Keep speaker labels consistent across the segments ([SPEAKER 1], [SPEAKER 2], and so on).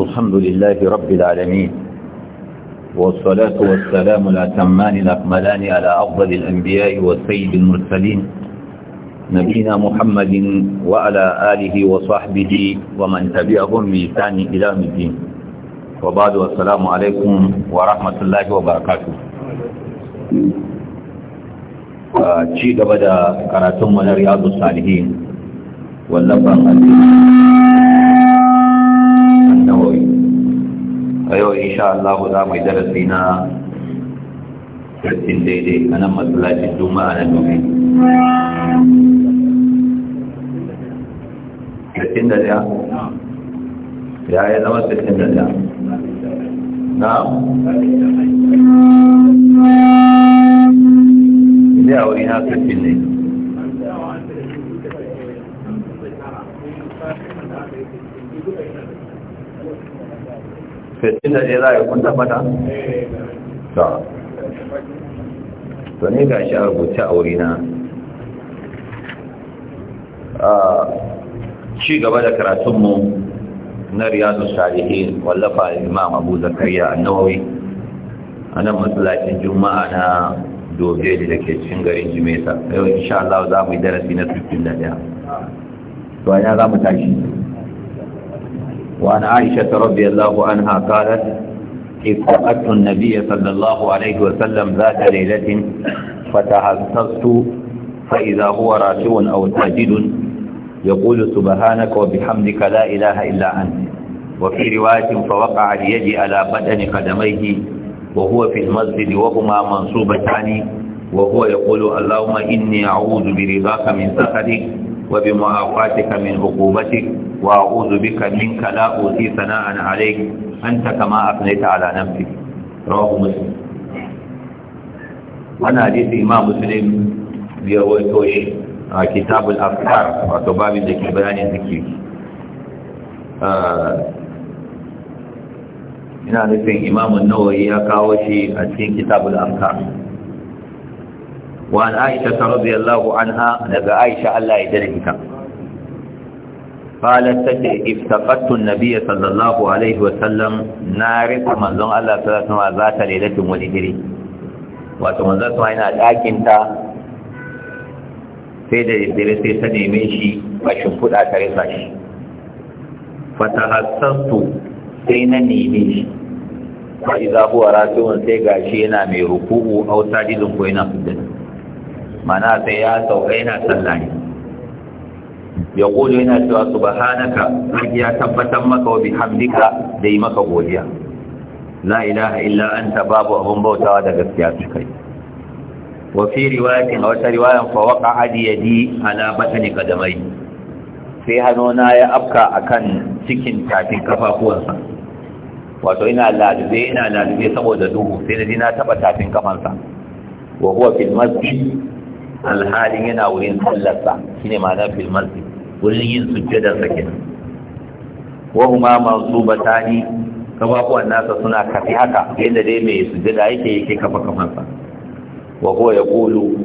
[SPEAKER 1] الحمد لله رب العالمين والصلاة والسلام الأتمان الأكملان على أفضل الأنبياء والسيد المرسلين نبينا محمد وعلى آله وصحبه ومن تبعهم بإحسان إلى الدين وبعد والسلام عليكم ورحمة الله وبركاته ci gaba da karatunmu na riyadu salihin wallafan aljihu nawawi a yau insha Allah za mu darasi na kristin daidai a nan matsalacin juma'a na domin kristin da ya ya yi zama kristin da ya na ne wuri na kristin ne fitina ne za a yi kunta mata? ta ga shi a rubuta a wurina a ci gaba da karatunmu na riyadu shari'i wallafa imam abu zakariya a nawawi a nan matsalacin juma'a na dobe da ke cikin garin jimesa yau insha Allah za mu yi darasi na 51 to ya za mu tashi وعن عائشة رضي الله عنها قالت افتأت النبي صلى الله عليه وسلم ذات ليلة فتهسست فإذا هو راكع أو ساجد يقول سبحانك وبحمدك لا إله إلا أنت وفي رواية فوقع اليد على بدن قدميه وهو في المسجد وهما منصوبتان وهو يقول اللهم إني أعوذ برضاك من سخطك وبمعافاتك من عقوبتك wa uzu bika min kala uzi sana'an alayk anta kama afnaita ala nafsi rawahu muslim wana hadisi imam muslim biya wato shi a kitab afkar wato babin da ke bayani zikir ina nufin imam an ya kawo shi a cikin kitab al-afkar wa an aisha radiyallahu anha daga aisha Allah ya dare قالت تتي افتقدت النبي صلى الله عليه وسلم نارق منذ الله صلى الله عليه وسلم ذات ليلة ولدري وتمنذ yana لكن تا sai da daddare sai ta neme shi a shimfiɗa ta rasa shi fatahassastu sai na neme shi fa iza huwa rafi'un sai gashi yana mai ruku'u aw ko yana mana sai ya sauka yana sallah ya kolo yana cewa subhanaka zaki ya tabbatar maka wa bihamdika da yi maka godiya la ilaha illa anta babu abun bautawa da gaskiya su kai wa fi riwayatin a wata riwayan fa waqa hadi yadi ala batni kadamai sai hannuna ya afka akan cikin tafin kafafuwansa wato ina lalube ina lalube saboda duhu sai na ji na taba tafin kafansa wa huwa fil masjid alhalin yana wurin sallarsa ne ma'ana fil masjid wurin yin sujjadar sa kenan wa huma mansubatani kafafuwan nasa suna kafi haka yadda dai mai sujjada yake yake kafa sa. wa huwa yaqulu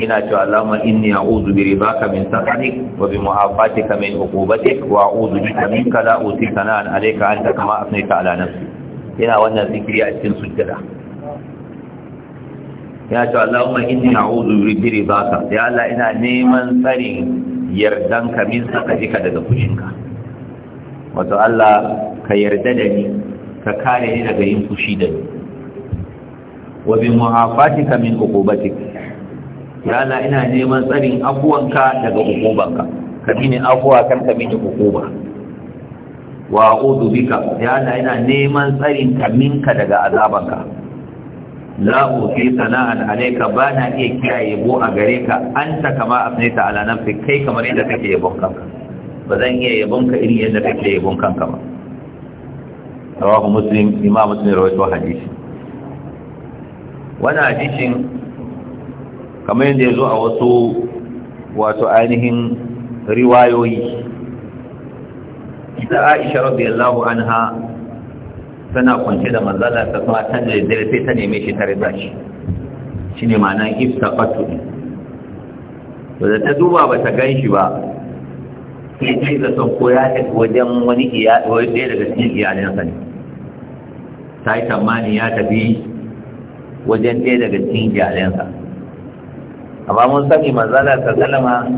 [SPEAKER 1] ina cewa Allahumma inni a'udhu bi ribaka min sakhatik wa bi mu'afatika min uqubatik wa a'udhu bika min kala utika na an alayka anta kama asnaita ala nafsi ina wannan zikiri a cikin sujjada ya ce Allahumma inni a'udhu bi ridaka ya Allah ina neman tsari yardan ka min sakajika daga fushinka wato Allah ka yarda da ni ka kare ni daga yin fushi da ni wa bi muhafatika min uqubatik ya Allah ina neman tsarin abuwanka daga uqubanka ka bi ni afuwa kan ka mini uquba wa a'udhu bika ya Allah ina neman tsarin ka minka daga azabanka la ufi sana'an alayka ba na iya kiyaye bo a gare ka anta kama afnita ala nafsi kai kamar yadda kake yabon kanka ba zan iya yabon ka irin yadda kake yabon kanka ba rawahu muslim imam muslim rawaito hadisi wannan hadisin kamar yadda ya zo a wasu wato ainihin riwayoyi ita aisha radiyallahu anha tana kwanci da manzala ta kuma ta da dare sai ta neme shi ta rida shi shi ne ma'ana iftafatu to da ta duba ba ta gan shi ba sai ce da son ko ya tafi wajen wani iyali wani ɗaya daga cikin iyalinsa ne ta yi tsammani ya tafi wajen ɗaya daga cikin iyalinsa amma mun sani manzala ta salama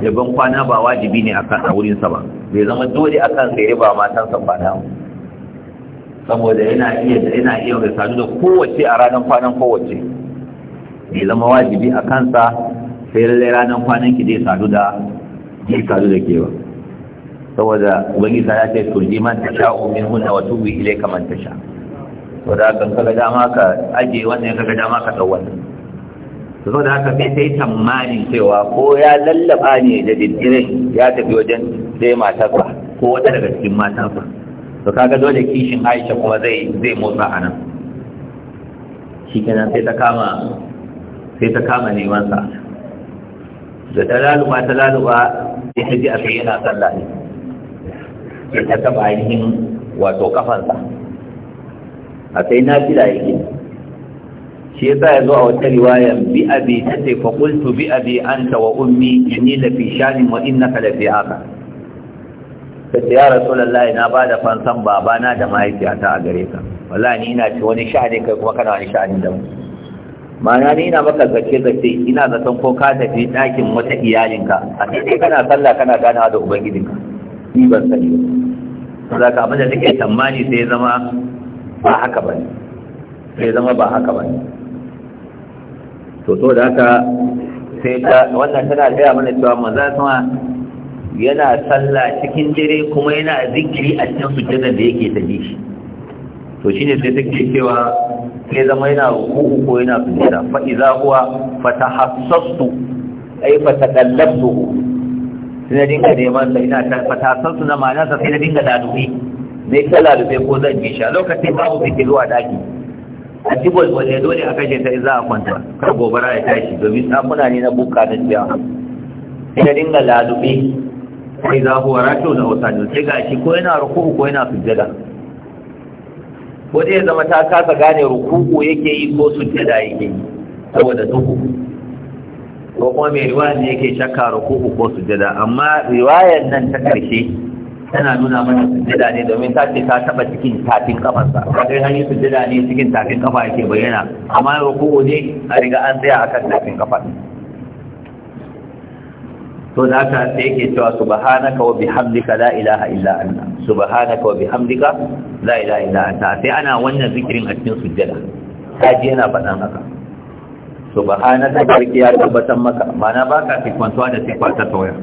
[SPEAKER 1] yabon kwana ba wajibi ne akan a wurinsa ba bai zama dole akan sai ba matan sa kwana saboda yana iya da yana iya da sadu da kowace a ranar kwanan kowace mai zama wajibi a kansa sai lallai ranar kwanan ki zai sadu da ji sadu da kewa saboda ubangiji ya ce turji man ta sha'u min hunna wa tubi ilayka man tasha to da kan kaga dama ka aje wannan kaga dama ka dau wannan to saboda haka sai sai tamanin cewa ko ya lallaba ne da diddirin ya tafi wajen sai matarsa ko wata daga cikin matarsa to kaga dole kishin aisha kuma zai zai motsa a nan sai ta kama sai ta kama neman sa da ta laluba ta laluba sai ta ji a kai yana sallah ne sai ta taba ainihin wato kafansa a sai na fila yake shi yasa ya zo a wata riwaya bi abi ta ce fa qultu bi abi anta wa ummi inni la fi shanin wa innaka la fi akhar ta ce ya rasulullahi na ba da fansan babana da mahaifiyata a gare ka wallahi ni ina ci wani sha'ani kai kuma kana wani sha'ani da mu ma'ana ni ina maka zace zace ina zaton ko ka tafi ɗakin wata iyalinka a sai kana sallah kana gana da ubangijinka ni ban sani ba za ka abin da take tsammani sai zama ba haka bane. sai zama ba haka bane. to to da haka sai ta wannan tana gaya mana cewa maza sama yana sallah cikin dare kuma yana zikiri a cikin sujjada da yake ta shi to shine sai take cewa sai zama yana ruku ko yana sujjada fa idza huwa fatahassastu ay fataqallabtu sai na dinga neman sai ina ta fatahassastu na ma'ana sai na dinga dadubi zai kala da ko zan ji a lokacin babu fikiru a daki a cibol wale dole a kashe ta za a kwanta kar gobara ya tashi domin ɗakuna ne na buka na jiya. sai na dinga lalube sai za huwa rakiu na usani sai ga shi ko yana ruku'u ko yana sujjada Wani ya zama ta kasa gane ruku'u yake yi ko sujjada yake yi saboda duhu ko kuma mai riwaya ne yake shakka ruku'u ko sujjada amma riwayar nan ta karshe tana nuna mana sujjada ne domin ta ce ta taba cikin tafin kafarsa kaga hanyar sujjada ne cikin tafin kafa yake bayyana amma ruku'u ne a riga an tsaya akan tafin kafa to da haka sai yake cewa subhanaka wa bihamdika la ilaha illa anta subhanaka wa bihamdika la ilaha illa anta sai ana wannan zikirin a cikin sujjada kaji yana faɗan haka subhanaka barki ya tabbatar maka mana baka tikwantuwa da tikwa ta tawaya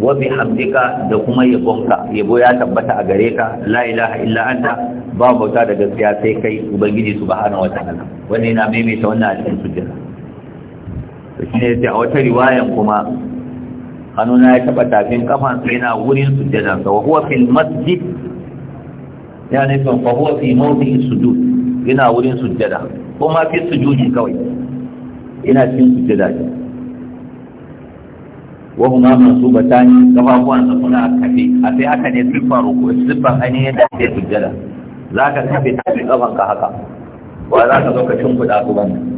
[SPEAKER 1] wa bihamdika da kuma yabonka yabo ya tabbata a gare ka la ilaha illa anta ba bauta da gaskiya sai kai ubangiji subhanahu wataala wannan yana maimaita wannan a cikin sujjada to shine sai a wata riwayan kuma hannuna ya taba tafin kafansa yana wurin sujjadansa wa huwa fil masjid ya ne kan fa huwa fi mawdi'i sujud yana wurin sujjada ko ma fi sujudi kawai yana cikin sujjada ne wa huma mansubatan kafafuwan sa kuna kafe a sai haka ne siffar ruku siffar hani yadda ake sujjada zaka kafe tafin kafanka haka wa za ka zo ka cin kuɗa ku banda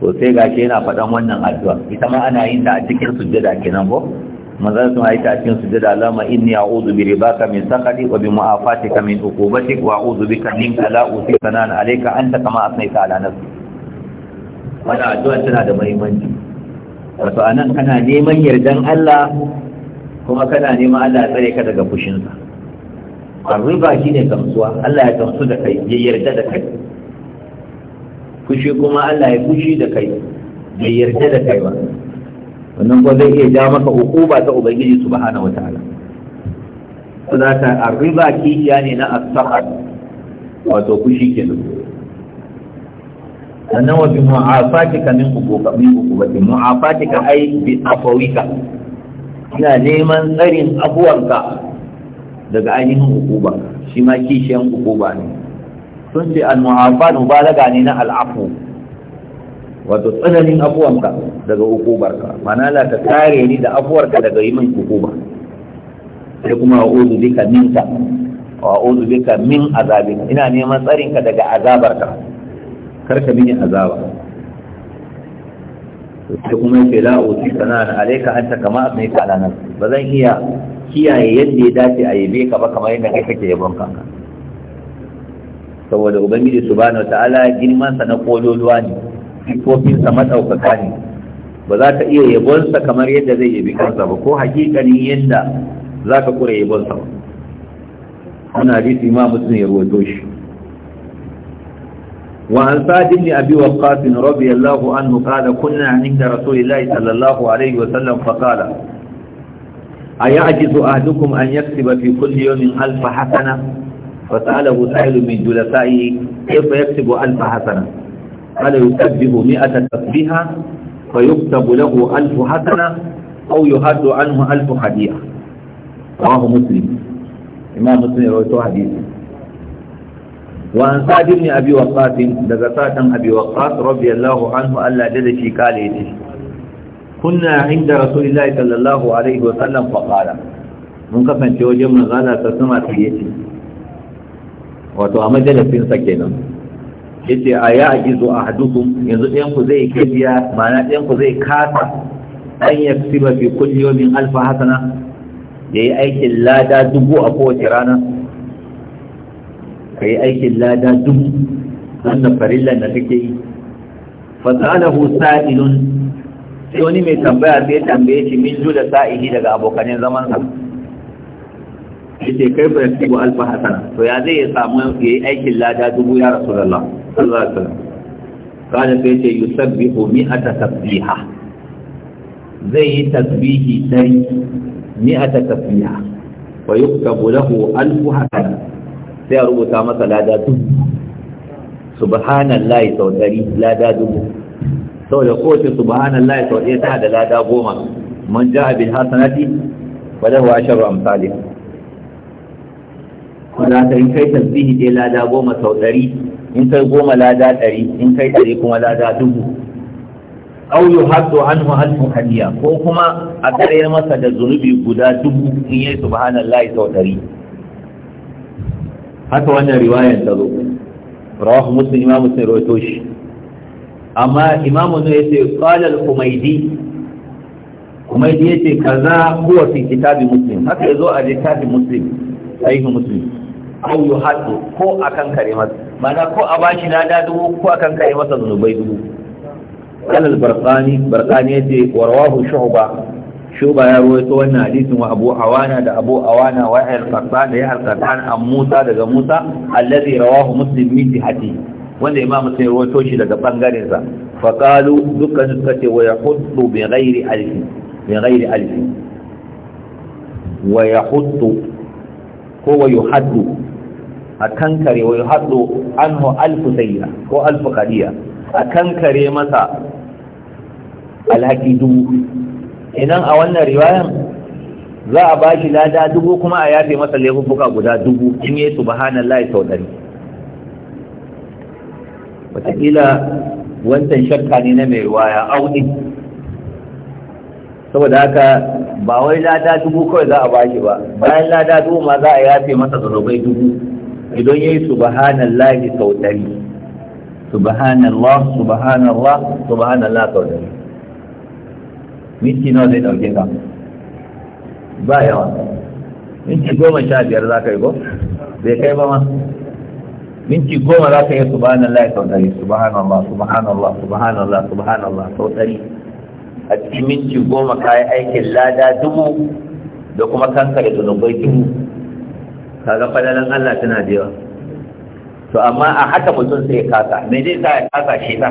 [SPEAKER 1] to sai gashi yana faɗan wannan addu'a ita ma ana yin ta a cikin sujjada kenan ko manzon sun ayi ta a cikin sujjada lama inni a'udhu bi ribaka min sakati wa bi mu'afatika min uqubatik wa a'udhu bika min kala usika alaika an ta kama asnaita ala nafsi wannan addu'a tana da muhimmanci wato nan kana neman yardan Allah kuma kana neman Allah ya tsare ka daga fushinsa arriba ne gamsuwa Allah ya gamsu da kai ya yarda da kai fushi kuma Allah ya fushi da kai bai yarda da kai ba wannan ko zai iya ja maka hukuma ta ubangiji subhanahu wataala saboda ta arriba kishiya ne na asfahar, wato fushi kenan sannan wa bi mu'afatika min ubuka min ububati mu'afatika ai bi afawika ina neman tsarin abuwanka daga ainihin hukuma shi ma kishiyan hukuma ne sun ce al-mu'afat mubalaga ne na al'afu wato tsananin afuwanka daga hukubarka mana la ta kare ni da afuwarka daga yi min hukuma sai kuma uzu bika minka wa uzu bika min azabika ina neman tsarinka daga azabarka kar ka mini azaba sai kuma yake la uti sanan alayka anta kama asnaita ala bazan iya kiyaye yadda ya dace a yabe ka ba kamar yadda kai kake yabon kanka saboda ubangiji subhanahu ta'ala girman sa na kololuwa ne sifofin sa ne ba za ka iya yabonsa kamar yadda zai yabi kansa ba ko hakikanin yadda za ka kure yabon sa ana hadisi ma mutum ya ruwato shi وعن سعد بن أبي وقاص رضي الله عنه قال كنا عند رسول الله صلى الله عليه وسلم فقال أيعجز أهدكم an يكسب في كل يوم ألف حسنة فسأله سائل من جلسائه كيف يكتب ألف حسنة قال يكتبه مئة تسبيحة فيكتب له ألف حسنة أو يهد عنه ألف حديث رواه مسلم إمام مسلم رويته حديثا وعن سعد بن أبي وقاص دقات أبي وقاص رضي الله عنه ألا جد في قاله كنا عند رسول الله صلى الله عليه وسلم فقال من كفن توجه من غالة سمع فيتي wato a majalisinsa kenan yace a ya ajizu a hadukum yanzu ɗayan ku zai kibiya ma'ana ɗayan ku zai kasa an yaksiba fi kulli yawmin alfa hasana yayi aikin lada dubu a kowace rana kai aikin lada dubu wannan farillan da kake yi fasalahu sa'ilun sai wani mai tambaya sai tambaye shi min jula da sa'ihi daga abokanin zaman sa yake kai fa yasibu alfa hasan to ya zai samu yayi aikin lada dubu ya rasu rasulullah Allah alaihi wasallam kada sai ce yusabbihu ta tasbiha zai yi tasbihi dari ta tasbiha wa yuktabu lahu alfu hasan sai a rubuta masa lada dubu Subhanallah, sau dari lada dubu saboda kowace subhanallah, sau ɗaya ta da lada goma man ja'a abin hasanati falahu asharu amsalih wanda ka in kai tasbihi dai lada goma sau ɗari in kai goma lada ɗari in kai ɗari kuma lada dubu aw yuhaddu anhu alfu hadiya ko kuma a karyar masa da zunubi guda dubu in yayi subhanallahi sau ɗari haka wannan riwayar ta zo rawahu muslim imam muslim rawaito shi amma imamu ne yace qala al-humaydi humaydi yace kaza huwa fi kitabi muslim haka yazo a littafin muslim sahihu muslim au yi haddu ko a kare masa mana ko a bashi lada dubu ko a kare masa zunubai dubu kalal barqani barqani yace warwahu shu'ba shuba ya rawaito wannan hadisin wa abu awana da abu awana wa al da ya al qatan an musa daga musa allazi rawahu muslim min jihati wanda imam sai ya rawaito shi daga bangaren sa fa qalu dukkan suka ce wa yahuddu bi ghairi alif bi ghairi alif wa yahuddu ko wa yuhaddu a kankare wa an anhu alfu sayya ko alfu qadiya a kankare masa alhaki dubu idan a wannan riwayan za a ba shi lada dubu kuma a yafe masa laifuka guda dubu in yi subhanallahi sau ɗari wataƙila wancan shakka ne na mai riwaya auɗi. saboda haka ba wai lada dubu kawai za a ba shi ba bayan lada dubu ma za a yafe masa zarobai dubu idan yayi subhanallahi sau ɗari subhanallah subhanallah subhanallah sau ɗari minti nawa zai ɗauke ka ba yawa minti goma sha biyar za ka yi ko bai kai ba ma minti goma za ka yi subhanallah sau ɗari subhanallah subhanallah subhanallah subhanallah sau ɗari a cikin minti goma ka yi aikin lada dubu da kuma kanka da zunubai dubu kaga fadalan Allah tana da yawa to amma a haka mutum sai ya kasa me zai sa ya kasa shi ta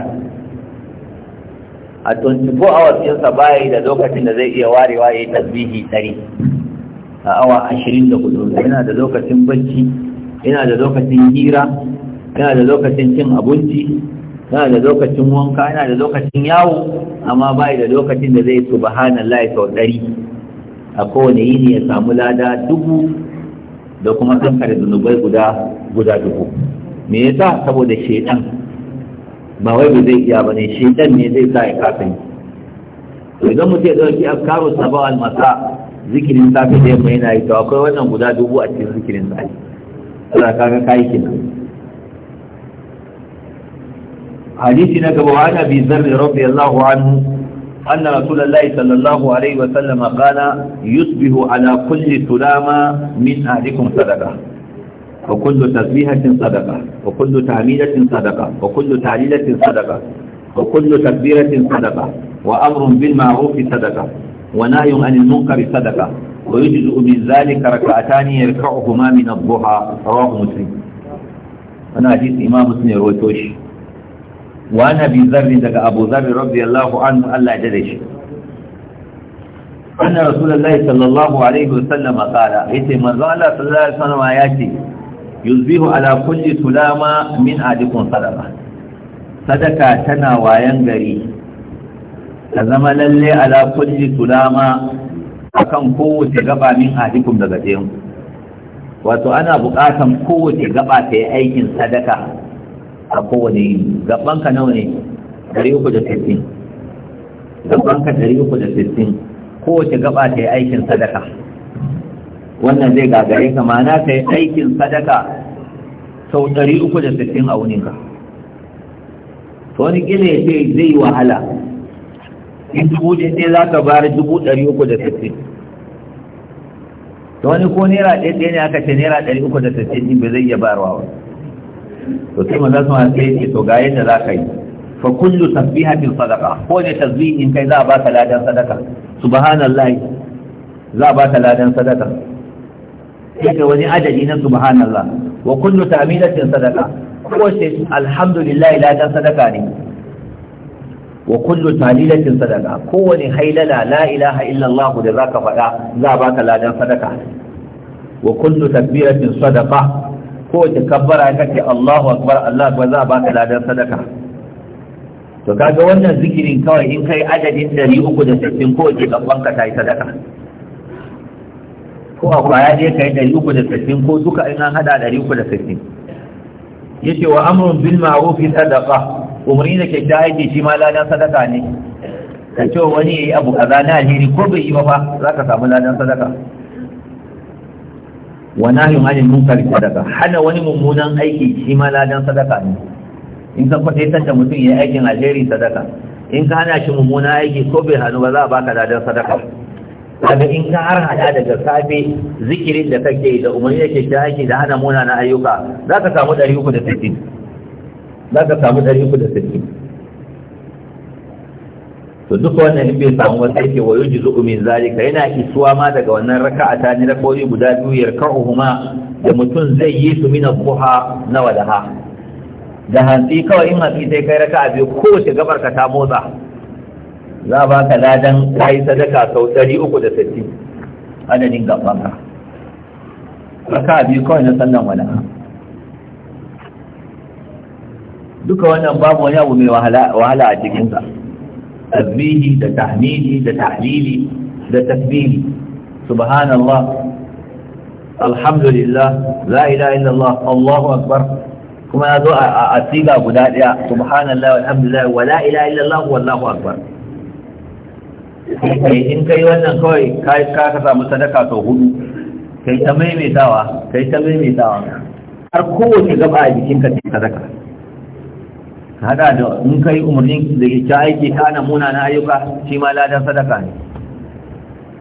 [SPEAKER 1] a 24 hours sa bai da lokacin da zai iya warewa ya yi tasbihi tsari a awa 24 yana da lokacin bacci yana da lokacin hira yana da lokacin cin abinci yana da lokacin wanka yana da lokacin yawo amma bai da lokacin da zai subhanallahi sau ɗari a kowane yini ya samu lada dubu da kuma kankare zunubai guda guda dubu me yasa saboda shaidan ba wai ba zai iya bane shaidan ne zai sa ya kafin to idan mutum ya dauki afkaru sabo almasa zikirin safe da yamma yana yi to akwai wannan guda dubu a cikin zikirin safe sai kaga kai kenan hadisi na gaba wa ana bi zarri radiyallahu anhu أن رسول الله صلى الله عليه وسلم قال يصبح على كل سلامة من أهلكم صدقة وكل تسبيحة صدقة وكل تعميلة صدقة وكل تعليلة صدقة وكل تكبيرة صدقة وأمر بالمعروف صدقة ونهي عن المنكر صدقة ويجزء من ذلك ركعتان يركعهما من الضحى رواه مسلم أنا حديث إمام مسلم رويتوش wa nabi zarri daga abu zarri radiyallahu anhu Allah ya dade shi anna rasulullahi sallallahu alaihi wasallam qala yace manzo Allah sallallahu alaihi wasallam ya ce yuzbihu ala kulli tulama min adikum sadaqa sadaka tana wayan gari ta zama lalle ala kulli tulama akan kowace gaba min adikum daga ɗayan wato ana buƙatan kowace gaba ta yi aikin sadaka a kowane gaban gabanka nawa ne uku gabanka sittin kowace gaba ta yi aikin sadaka wannan zai gagare ka ma'ana ka yi aikin sadaka sau 360 a wuninka to wani gina ya sai zai yi wahala in dubu ɗaya za ka bari dubu ɗari uku da sittin to wani ko naira ɗaya ne aka ce naira ɗari uku da sittin ɗin ba zai iya barwa wani to sai manzo sama sai ce to ga yadda za ka yi fa kullu tasbihatin sadaqa ko ne tasbihin kai za a ba ka ladan sadaka subhanallahi za a ba ka ladan sadaka sai wani adadi na subhanallah wa kullu ta'milatin sadaqa ko sai alhamdulillah ladan sadaka ne wa kullu talilatin sadaqa kowane hailala la ilaha illallah da zaka faɗa za a baka ladan sadaka wa kullu takbiratin sadaqa Ko kowace kabbara kake Allahu akbar Allah akbar za a baka ladan sadaka to kaga wannan zikirin kawai in kai adadin 360 kowace kabban ka tayi sadaka ko a kwaya je kai 360 ko duka in an hada 360 yace wa amrun bil ma'ruf sadaqa umri da kyakkyawa yake shi ma ladan sadaka ne ka ce wani yayi abu kaza na alheri ko bai yi ba fa zaka samu ladan sadaka wa nahyun anil munkar sadaka hana wani mummunan aiki shi ma ladan sadaka ne in ka kwataitar da mutum ya aikin alheri sadaka in ka hana shi mummunan aiki ko bai hannu ba za a baka ladan sadaka kaga in ka har hada daga safe zikirin da kake da umarni yake ta aiki da hana munana ayyuka za ka samu 360 za ka samu 360 to duk wannan in bai samu wasu yake wa yuji zuku min zalika yana isuwa ma daga wannan A ta ni rakoyi guda biyu yarka'uhuma da mutum zai yi su min buha na wadaha da hantsi kawai in hantsi sai kai raka'a biyu shi gabar ka ta motsa za ba ka ladan kai sadaka sau ɗari uku da sittin adadin Raka raka'a biyu kawai na sallan wadaha duka wannan babu wani abu mai wahala a cikinsa tasbihi da tahmidi da tahlili da tasbihi subhanallah alhamdulillah la ilaha illallah allahu akbar kuma ya zo a siga guda daya subhanallah walhamdulillah wa la ilaha illallah wallahu akbar in kai wannan kawai kai ka ka samu sadaka sau hudu kai ta maimaitawa kai ta maimaitawa har kowace gaba a jikinka sai sadaka hada da in kai umarnin da ke aiki muna na munana ayyuka shi ma ladan sadaka ne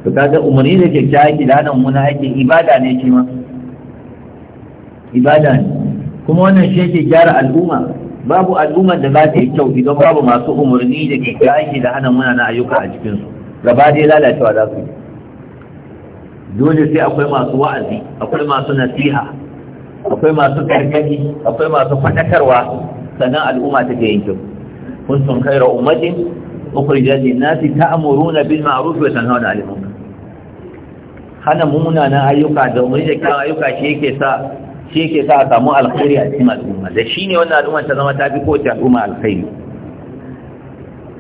[SPEAKER 1] to kaga umarni da ke aiki da hana muna aiki ibada ne shi ma ibada ne kuma wannan shi yake gyara al'umma babu al'ummar da za ta yi kyau idan babu masu umarni da ke aiki da hana muna ayyuka a su, gaba dai lalacewa za su yi dole sai akwai masu wa'azi akwai masu nasiha akwai masu gargadi akwai masu faɗakarwa sannan al'umma ta take yanke kuntum khayra ummatin ukhrijat lin-nasi ta'muruna bil ma'ruf wa tanhauna 'anil munkar hana mumunanan ayyuka da umarni da ayyuka shi yake sa shi yake sa a samu alkhairi a cikin al'umma da shi ne wannan al'umma ta zama ta fi kowace al'umma alkhairi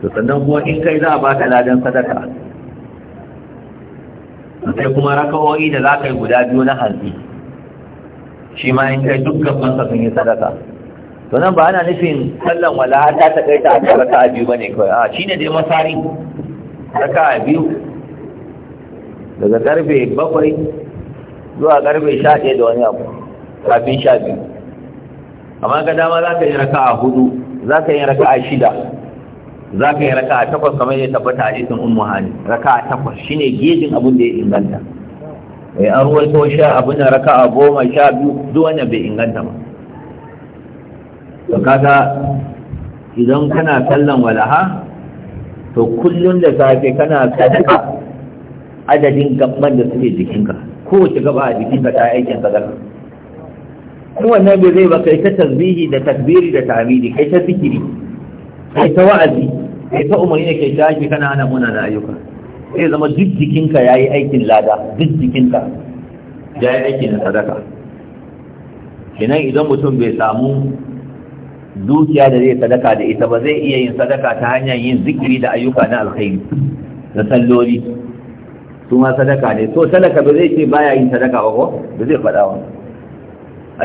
[SPEAKER 1] to sannan kuma in kai za a baka ladan sadaka sai kuma rakawoyi da za ka yi guda biyu na hantsi shi ma in kai dukkan fansa sun yi sadaka to nan ba ana nufin sallan wala ta takaita a raka raka'a biyu bane kawai a shine dai masari raka'a biyu daga karfe bakwai zuwa karfe sha ɗaya da wani abu kafin sha biyu amma ga dama za ka yi raka'a hudu za ka yi raka'a shida za ka yi raka'a takwas kamar yadda tabbata a jikin ummu hani raka'a takwas shine gejin abin da ya inganta eh, an ruwaito sha abin da raka'a goma sha biyu duk wannan bai inganta ba da kaga idan kana sallan walaha to kullum da safe kana sadaka adadin gaban da suke jikinka kowace gaba a jikinka ta aikin sadaka kuma nan bai zai ba kai ta tasbihi da takbiri da tahmidi kai ta zikiri kai ta wa'azi kai ta umarni da kai tashi kana ana muna na ayyuka sai zama duk jikinka yi aikin lada duk jikinka yi aikin sadaka kenan idan mutum bai samu dukiya da zai sadaka da ita ba zai iya yin sadaka ta hanyar yin zikiri da ayyuka na alkhairi da salloli su ma sadaka ne so sadaka ba zai ce baya yin sadaka ba ko ba zai faɗa wa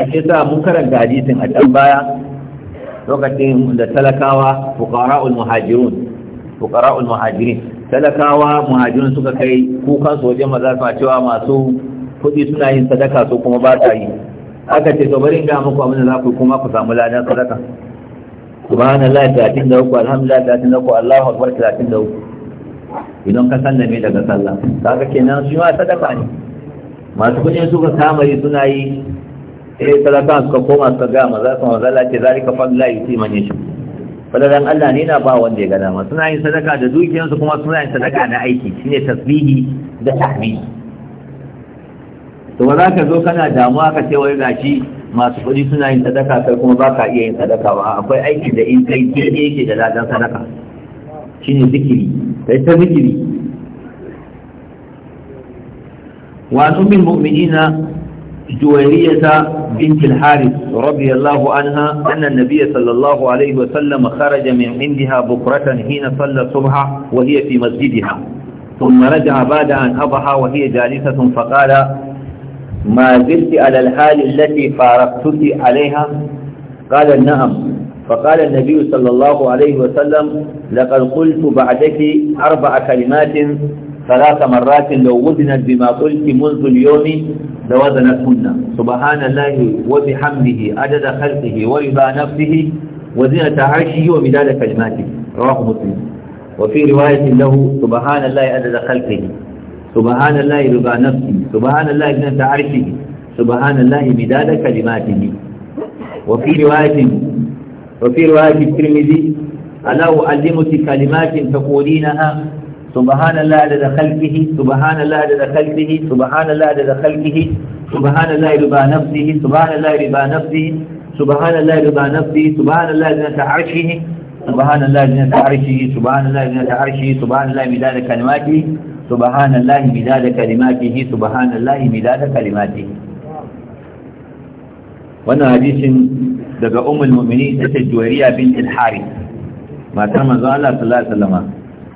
[SPEAKER 1] a ce sa mun karanta hadisin a can baya lokacin da talakawa fuqara'ul muhajirun fuqara'ul muhajirin talakawa muhajirun suka kai kukan su wajen maza su cewa masu kuɗi suna yin sadaka su kuma ba ta yi aka ce to bari ga muku abin da za ku kuma ku samu ladan sadaka subhanallahi 33 alhamdulillah 33 Allahu akbar 33 idan ka me daga sallah kaga kenan shi ma sadaka ne masu su suka kama yi suna yi sai eh, sadaka suka koma suka ga maza su maza Allah ce zalika fadla yuti man yashu fadalan Allah ne na ba wanda ya gada. Masu suna yin sadaka da dukiyansu kuma suna yin sadaka na aiki shine tasbihi da tahmidi to ba za ka zo kana damuwa ka ce wai gashi masu kuɗi suna yin sadaka kai kuma ba ka iya yin sadaka ba akwai aiki da in kai daidai yake da ladan sadaka shine zikiri kai ta zikiri wa ummul mu'minina جويرية بنت الحارث رضي الله عنها أن النبي صلى الله عليه وسلم خرج من عندها بكرة حين صلى الصبح وهي في مسجدها ثم رجع بعد أن أضحى وهي جالسة فقال ما زلت على الحال التي فارقتك عليها قال نعم فقال النبي صلى الله عليه وسلم لقد قلت بعدك أربع كلمات ثلاث مرات لو وزنت بما قلت منذ اليوم لوزنتهن سبحان الله وبحمده عدد خلقه ورضا نفسه وزنة عرشه ومداد كلماته رواه مسلم وفي رواية له سبحان الله عدد خلقه subhanallahi riba nafsi subhanallahi ibn ta'arshi subhanallahi midada kalimatihi wa fi riwayatin wa fi riwayatin tirmidhi ala u'allimuki kalimatin taqulinaha subhanallahi adada khalqihi subhanallahi adada khalqihi subhanallahi adada khalqihi subhanallahi riba nafsihi subhanallahi riba nafsihi subhanallahi riba nafsihi subhanallahi ibn ta'arshihi subhanallahi ibn ta'arshihi subhanallahi ibn ta'arshihi subhanallahi midada kalimatihi subhanallahi midada kalimatihi subhanallahi midada kalimatihi wannan hadisin daga ummul mu'minin ta Juwariya bint al-Harith matar manzo Allah sallallahu alaihi wasallam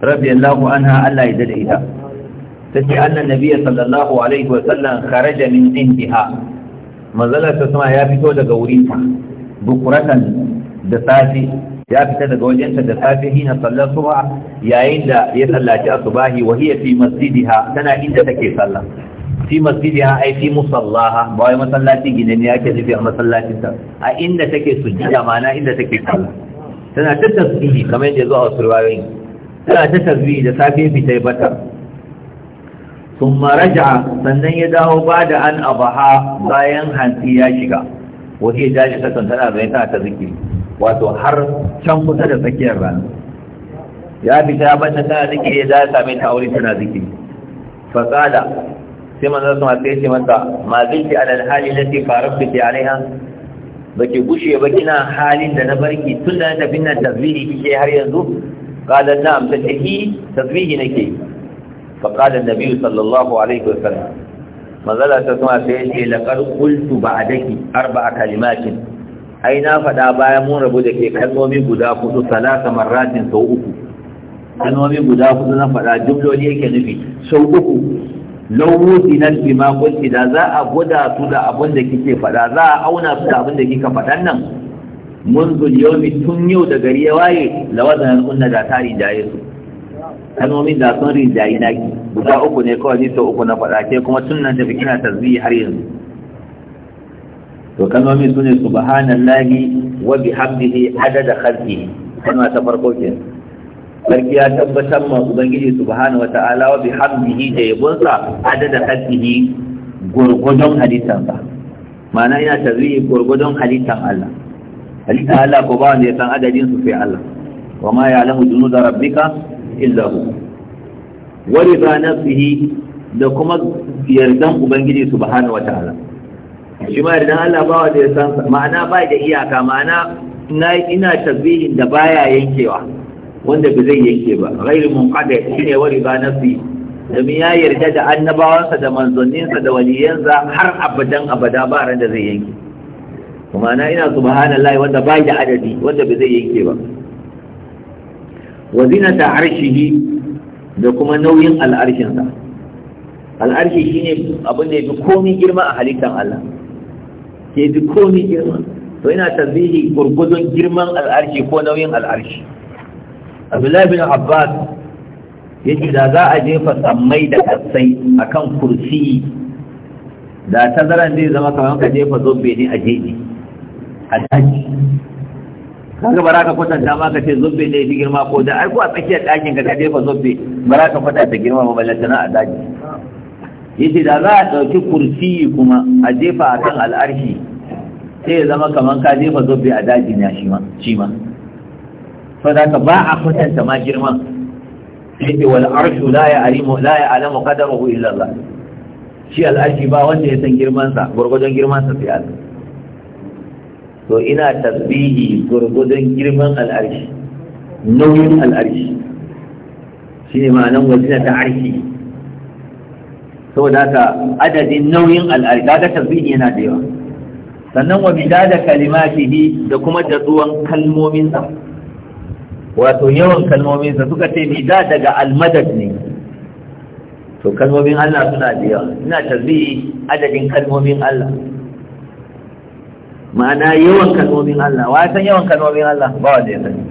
[SPEAKER 1] radiyallahu anha Allah ya dade ita tace annan nabiy sallallahu alaihi wasallam kharaja min indiha manzo Allah sallallahu ya fito daga wurinta bukuratan da safe. ya fita daga wajenta da safe hina sallar subha yayin da ya sallaci asubahi wa hiya fi masjidiha tana inda take sallah fi masjidiha ai fi musallaha ba wai masallaci gine ne yake nufi a masallacin ta a inda take sujjada ma'ana inda take sallah tana ta tasbihi kamar yadda zuwa wasu riwayoyin tana ta tasbihi da safe fita ya bata thumma raja'a sannan ya dawo ba da an abaha bayan hantsi ya shiga wa hiya jalisatan tana bayan tana ta zikiri wato har can kusa da tsakiyar rana ya fita ya bata tana zikiri ya ya sami ta aure tana zikiri fasada sai manzon sama sai ce mata, ma zikri ala alhali lati farabtu fi alaiha baki gushe ba kina halin da na barki tun da na tafi nan tasbihi kike har yanzu qala na'am tasbihi tasbihi nake fa qala an-nabi sallallahu alaihi wasallam manzala ta sama sai ce laqad qultu ba'daki arba'a kalimatin ai na faɗa bayan mun rabu da ke kalmomi guda kudu salasa marratin sau uku kalmomi guda kudu na faɗa jumloli yake nufi sau uku lauwuti na bima kulki da za a gwada su da abin da kike faɗa za a auna su da abin da kika faɗan nan mun zuliyomi tun yau da gari ya waye lawazanar kunna da ta rinjaye su kalmomi da sun rinjaye na guda uku ne kawai ni sau uku na faɗa ke kuma tun nan tafi kina tasbihi har yanzu to kalmomin sune subhanallahi wa bihamdihi adada khalqihi kalma ta farko ke sarki ya tabbatar ma ubangiji subhanahu wa ta'ala wa bihamdihi da yabonsa adada khalqihi gurgudun halittansa ma'ana yana tazwihi gurgudun halittan Allah halittan Allah ko ba wanda ya san adadin su sai Allah wa ma ya'lamu junuda rabbika illa hu wa rida nafsihi da kuma yardan ubangiji subhanahu wa ta'ala shi ma yardan Allah ba wanda ya san ma'ana ba da iyaka ma'ana ina tabbihin da baya yankewa wanda ba zai yanke ba ghairu munqadi shine ba riba nafsi domin ya yarda da annabawansa da manzanninsa da waliyansa har abadan abada ba ran da zai yanke kuma na ina subhanallahi wanda bai da adadi wanda ba zai yanke ba wazina ta arshihi da kuma nauyin al'arshinsa al'arshi shine abin da ya fi komai girma a halittar Allah ya fi komi girma to yana tasbihi gurgudun girman al'arshi ko nauyin al'arshi abdullahi bin abbas ya ce da za a jefa sammai da a kan kursi da tazaran zai zama kamar ka jefa zobe ne a jeji a daji Ka ga bara ka kwatanta ma ka ce zobe ne ya fi girma ko da ai ko a tsakiyar dakin ka ka jefa zobe bara ka kwatanta girma ba ballantana a daji yace da za a ɗauki kursi kuma a jefa a kan al'arshi sai ya zama kamar ka jefa zobe a daji na shi ma fa za ka ba a kwatanta ma girman yace wal arshu la ya arimu la ya alamu qadaruhu illa Allah shi al'arshi ba wanda ya san girman sa gurgudun girman sa sai Allah to ina tasbihi gurgudun girman al'arshi nauyin al'arshi shine ma'anan wajina ta arshi saboda haka adadin nauyin al'ari kaga tasbihi yana da yawa sannan wa bidada kalimatihi da kuma datsuwan kalmominsa wato yawan kalmominsa suka ce bida daga almadad ne to kalmomin Allah suna da yawa ina tasbihi adadin kalmomin Allah ma'ana yawan kalmomin Allah wa san yawan kalmomin Allah ba wanda ya sani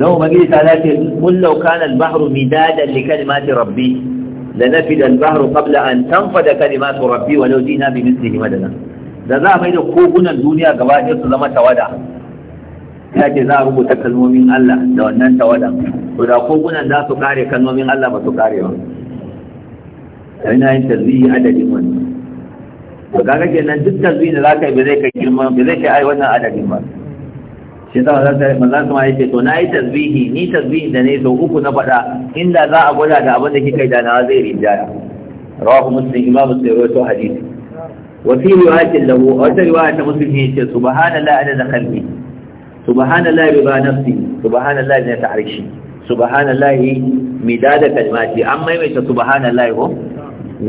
[SPEAKER 1] don ubangiji ta ce kullau kana al-bahru midadan li kalimati rabbi لنفد البحر قبل أن تنفد كلمات ربي ولو جئنا بمثله مددا da za a mai da kogunan duniya gaba ɗaya su zama tawada ya ce za a rubuta kalmomin Allah da wannan tawada to da kogunan za su kare kalmomin Allah ba su kare ba yana yin tazwihi adadin wani to kaga nan duk tazwihi da za ka yi ba zai kai girma ba zai kai ai wannan adadin ba shi sa za ta manzan sama yake to na yi tasbihi ni tasbihi da ne sau uku na faɗa inda za a gwada da abin da kika yi da na zai rinjaya rawahu muslim imamu sai rawaito hadisi wa fi riwayatin lahu wata riwaya ta musulmi, ne ce subhanallahi adada khalqi subhanallahi riba nafsi subhanallahi ne ta arshi subhanallahi da kalmati an maimaita subhanallahi ko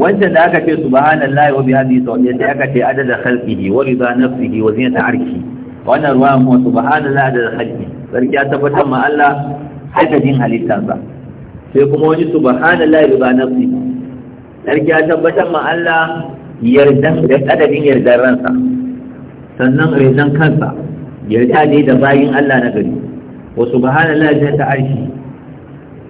[SPEAKER 1] wancan da aka ce subhanallahi wa bihamdihi sau ne sai aka ce adada khalqihi wa riba nafsihi wa zinata arshi wannan ruwa kuma subhanallahi da hajji sarki ya tabbatar ma Allah adadin halittarsa sai kuma wani subhanallahi ba nafsi sarki ya tabbatar ma Allah yardan da adadin yardan ransa sannan yardan kansa yarda ne da bayin Allah na gari wa subhanallahi da ta arshi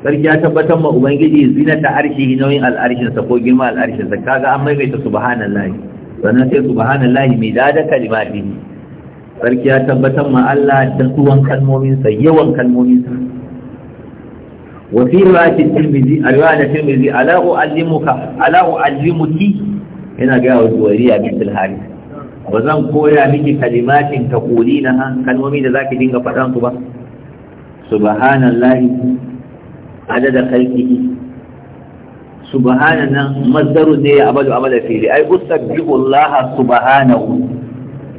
[SPEAKER 1] sarki ya tabbatar ma ubangiji zinata arshi nauyin al'arshinsa ko girma al'arshinsa kaga an maimaita subhanallahi sannan sai subhanallahi mai dada kalimatihi sarki ya tabbatar ma Allah da tsuwan kalmominsa yawan kalmominsa wa fi riwayati tirmidhi riwaya da tirmidhi ala uallimuka ala uallimuki yana ga wa zuwariya bintul haris ba zan koya miki kalimatin ta kulina ha kalmomi da zaki dinga faɗan su ba subhanallahi adada khalqihi subhanan nan mazdaru ne ya abadu abada fili ai usabbihu allaha subhanahu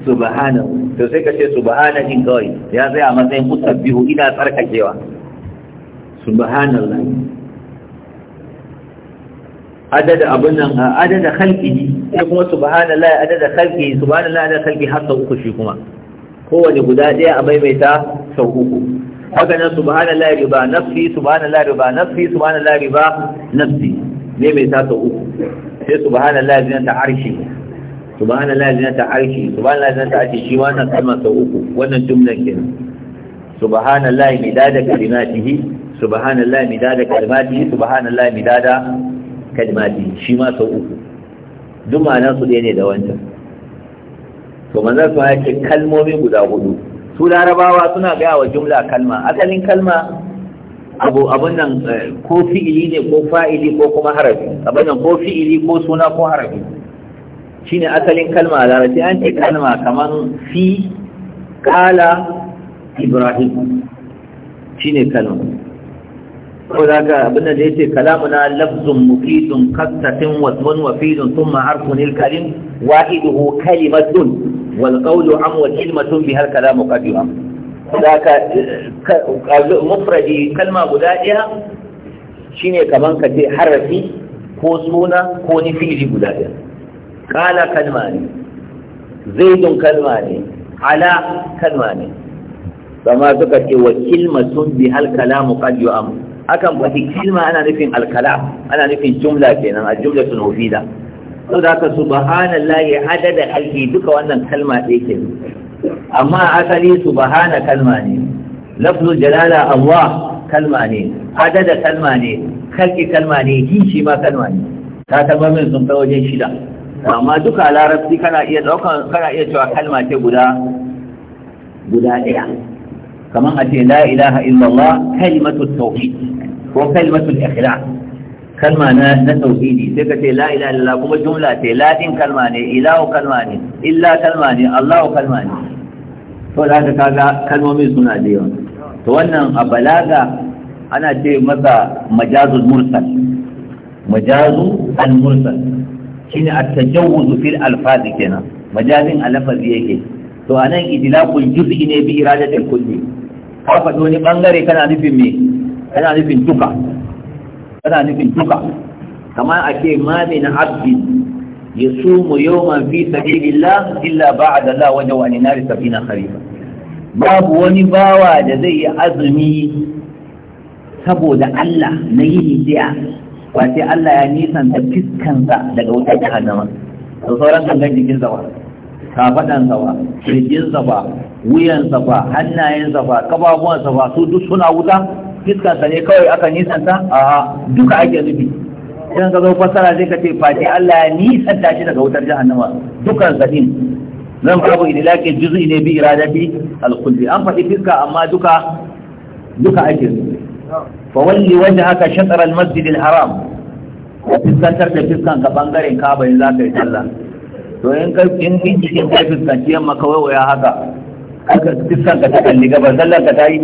[SPEAKER 1] subhanahu to sai ka ce subhanahu kawai ya a matsayin musabbihu ina tsarkakewa subhanallah adada abun nan adada khalqihi sai kuma subhanallah adada khalqihi subhanallah adada khalqi har sau uku shi kuma kowane guda ɗaya a maimaita sau uku haka nan subhanallah riba nafsi subhanallah riba nafsi subhanallah riba nafsi maimaita sau uku sai subhanallah zinata arshi subhanallahi zinata arshi subhanallahi zinata arshi shi wannan kalma sau uku wannan jumlan kenan subhanallahi midada kalimatihi subhanallahi midada kalimatihi subhanallahi midada kalimatihi shi ma sau uku duk ma'anar su ɗaya ne da wancan to manzon su kalmomi guda hudu su larabawa suna gaya wa jumla kalma asalin kalma abu abun nan eh, ko fi'ili ne ko fa'ili ko kuma harafi abun nan ko fi'ili ko suna ko harafi shine asalin kalma a larabci an ce kalma kamar fi kala ibrahim shine kalma ko za ka abin da ya ce kalamuna lafzun mufidun kastatin wasmun wafidun sun ma'arfun ilkalin wahiduhu kalimatun wal an am wa kalimatun bi har kalamu qadima za ka mufradi kalma guda ɗaya shine kaman ka ce harafi ko suna ko ni fili guda ɗaya kala kalma ne zaidun kalma ne ala kalma ne sama suka ce wa kilmatun bi alkalamu qad yu'am akan faɗi kilma ana nufin alkala ana nufin jumla kenan a jumla jumlatun mufida saboda haka subhanallahi adada halki duka wannan kalma ɗaya ke amma asali subhana kalma ne lafzul jalala Allah kalma ne adada kalma ne kalki kalma ne kishi ma kalma ne ta kalmomin sun kai wajen shida amma duka larabci kana iya daukan kana iya cewa kalma ce guda guda daya kamar a ce la ilaha illallah kalimatu tauhid ko kalimatu ikhlas kalma na na tauhidi sai ka ce la ilaha illallah kuma jumla ce la din kalma ne ilahu kalma ne illa kalma ne allahu kalma ne to da ka kaga kalmomi suna da yawa to wannan a balaga ana ce masa majazul mursal majazu al mursal shine at-tajawuz fil alfaz kenan majazin alafazi yake to anan idlaqul juz'i ne bi iradatil kulli ka faɗi wani bangare kana nufin me kana nufin duka kana nufin duka kama ake ma min abdin yasumu yawman fi sabilillah illa ba'da la wajhu an nar sabina kharifa babu wani bawa da zai yi azumi saboda Allah na yi hijiya. kwace Allah ya nisan da fiskansa daga wutar jahannama da sauran gangan jikin zaba, kafadansa zaba, kirjinsa zaba, wuyan zaba, hannayen zaba, kababuwansa zaba, su duk suna wuta fiskansa ne kawai aka nisanta a duka ake nufi idan ka zo fassara zai ka ce fati Allah ya nisanta shi daga wutar jahannama dukan sadin zan babu idilaki juz'i ne bi iradati al-kulli an faɗi fiska amma duka duka ake nufi fa walli wajhaka shatr al-masjid al-haram ka fiskantar da fiskan ka bangaren kaba in zaka yi sallah to in ka in cikin ka fiskanci yamma ka waya haka aka fiskan ka ta kalli gabar sallar ka tayi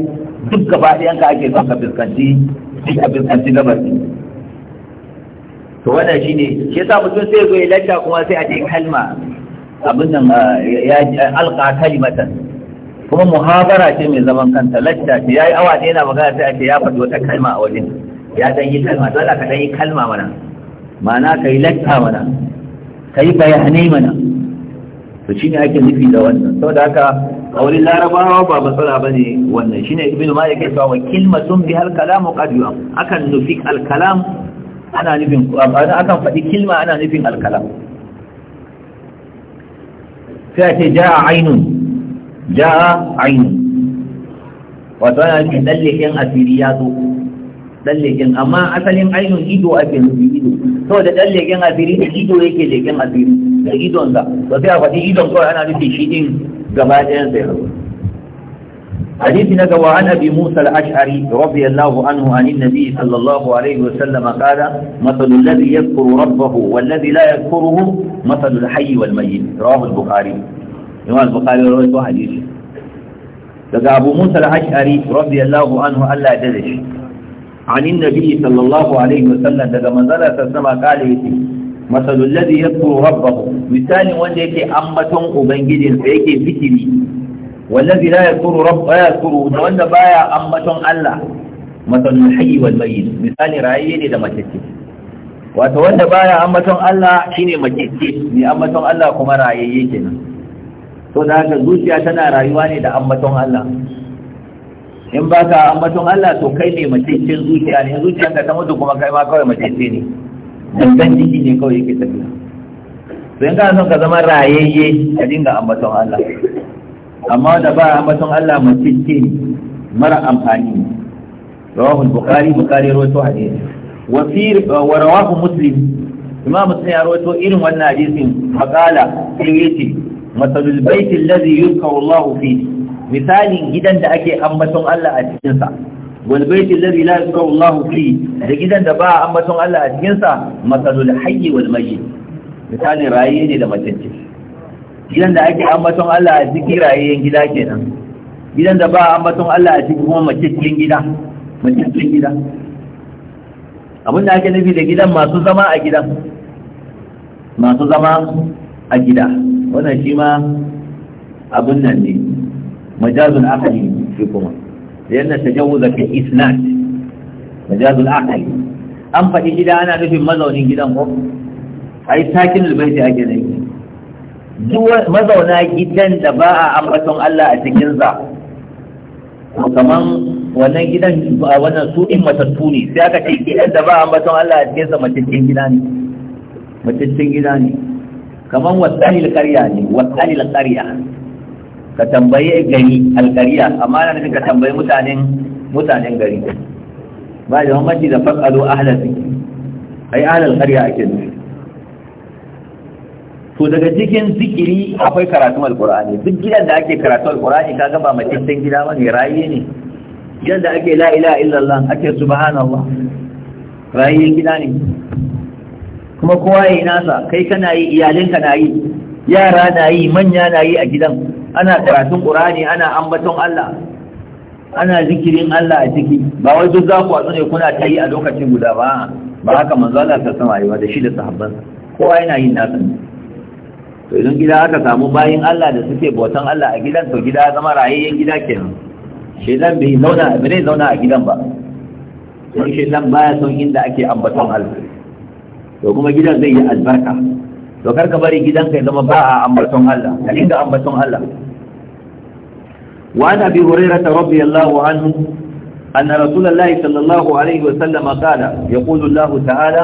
[SPEAKER 1] duk gaba ɗayan ka ake son ka fiskanci ka fiskanci gabar to wannan shine shi yasa mutum sai zo ya lacca kuma sai a ce kalma abin nan ya alƙa kalimatan kuma muhabara ce mai zaman kanta lacca ce yayi awa da yana magana sai a ce ya faɗi wata kalma a wajen ya dan yi kalma dole ka dan yi kalma mana ma'ana ka yi lacca mana ka yi bayanai mana to shine ake nufi da wannan saboda haka قول العرباء باب صلى بني والنشين ابن مالك يسوى كلمة بها الكلام قد يؤم أكن نفيك الكلام أنا نفين أنا أكن فدي كلمة أنا نفين الكلام فأتي جاء عين ja ainu wato yana cikin ɗan asiri ya zo ɗan leƙen amma asalin ainihin ido ake nufi ido to da ɗan leƙen asiri da ido yake leƙen asiri da idonsa to sai a faɗi idon kawai ana nufi shi ɗin gaba ɗayan sai rabu حديث نجوى عن أبي موسى الأشعري رضي الله عنه عن النبي صلى الله عليه وسلم قال مثل الذي يذكر ربه والذي لا يذكره مثل الحي والميت رواه البخاري الإمام البخاري رواه حديث daga abu musa al-ash'ari radiyallahu anhu Allah ya shi عن النبي صلى الله عليه وسلم daga manzala ta sama kale yake masalul ladhi yadhkuru rabbahu yake ambaton ubangijin sa yake zikiri wallazi la yadhkuru rabbahu wanda baya ambaton Allah masalul hayy wal mayyit misali rayi ne da matacce wato wanda baya ambaton Allah shine matacce Allah kuma rayi yake nan to da haka zuciya tana rayuwa ne da ambaton Allah in ba ka ambaton Allah to kai ne mataccen zuciya ne zuciya ka ta mutu kuma kai ma kawai mataccen ne dangan jiki ne kawai yake tafiya to in ka son ka zama rayayye ka dinga ambaton Allah amma da ba ambaton Allah mataccen ne mara amfani ne rawahul bukhari bukhari rawaito hadisi wa fi wa rawahu muslim imam muslim ya rawaito irin wannan hadisin faqala sai masalul baiti allazi yuzkaru Allahu fihi misalin gidan da ake ambaton Allah a cikinsa, sa wal baiti allazi la yuzkaru Allahu fihi da gidan da ba a ambaton Allah a cikinsa, sa masalul hayyi misalin rayi ne da matacce gidan da ake ambaton Allah a ciki rayiyen gida kenan gidan da ba a ambaton Allah a ciki kuma matacce gida matacce gida abinda ake nufi da gidan masu zama a gidan masu zama a gida wannan shi ma abin nan ne majazul akali shi kuma yadda tajawuza fi isnad majazul akali an faɗi gida ana nufin mazaunin gidan ko ai sakin albaiti ake ne yi. mazauna gidan da ba a ambaton Allah a cikin sa kaman wannan gidan a wannan su in matattu ne sai aka ce gidan da ba a ambaton Allah a cikin sa mataccen gida ne mataccen gida ne kamar wasani alƙarya ne wasani alƙarya ka tambaye gari alƙarya amma na nufin ka tambaye mutanen mutanen gari ba da mamaci da fasalu ahla zikri ai ahla alƙarya ake nufi to daga cikin zikiri akwai karatu alƙur'ani duk gidan da ake karatu alƙur'ani ka gaba mutum gida ba ne raye ne gidan da ake la ilaha illallah ake subhanallah raye gida ne kuma kowa yi nasa kai kana yi iyalinka na yi yara na yi manya na yi a gidan ana karatun qur'ani ana ambaton Allah ana zikirin Allah a ciki ba wai duk za ku a ne kuna ta yi a lokacin guda ba ba haka manzo Allah ta sama yi da shi da sahabban kowa yana yin nasa to idan gida aka samu bayin Allah da suke bautan Allah a gidan to gida zama rayayyen gida kenan shedan bai zauna bai zauna a gidan ba don shedan baya son inda ake ambaton Allah to kuma gidan zai yi albarka to kar ka bari gidanka ya zama ba a ambaton Allah ka inda ambaton Allah wa ana bi hurairata radiyallahu anhu أن رسول الله صلى الله عليه وسلم قال يقول الله تعالى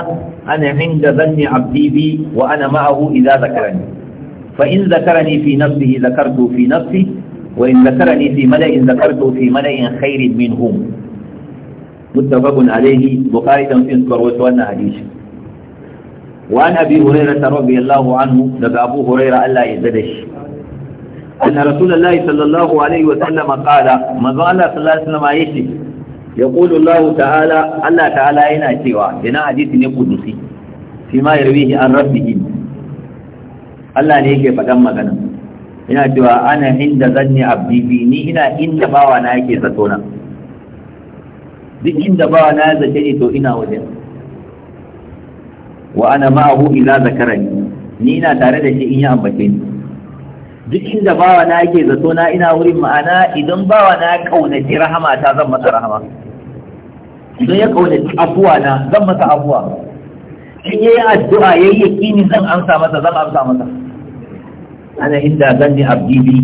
[SPEAKER 1] أنا عند ظن عبدي بي وأنا معه إذا ذكرني فإن ذكرني في نفسه ذكرت في نفسي وإن ذكرني في ملأ ذكرت في ملأ خير منهم متفق عليه بخاري تنفيذ كروة وأن حديث وعن أبي هريرة رضي الله عنه لقى أبو هريرة ألا يزدش أن رسول الله صلى الله عليه وسلم قال ما قال صلى الله عليه وسلم عيشي يقول الله تعالى الله تعالى هنا سوى هنا حديث قدسي فيما يرويه عن ربه Allah ne yake faɗan magana ina cewa ana inda zanni abdi bi ni ina inda bawa na yake zato na duk inda bawa na ya zace ni to ina wajen wa ana ma'ahu ila zakarani ni ina tare da shi in yi ambace ni duk inda bawa na yake zato na ina wurin ma'ana idan bawa na kaunaci rahama ta zan masa rahama idan ya kaunaci afuwa na zan masa afuwa in yi addu'a yayi yakini zan amsa masa zan amsa masa ana inda zan yi abdibi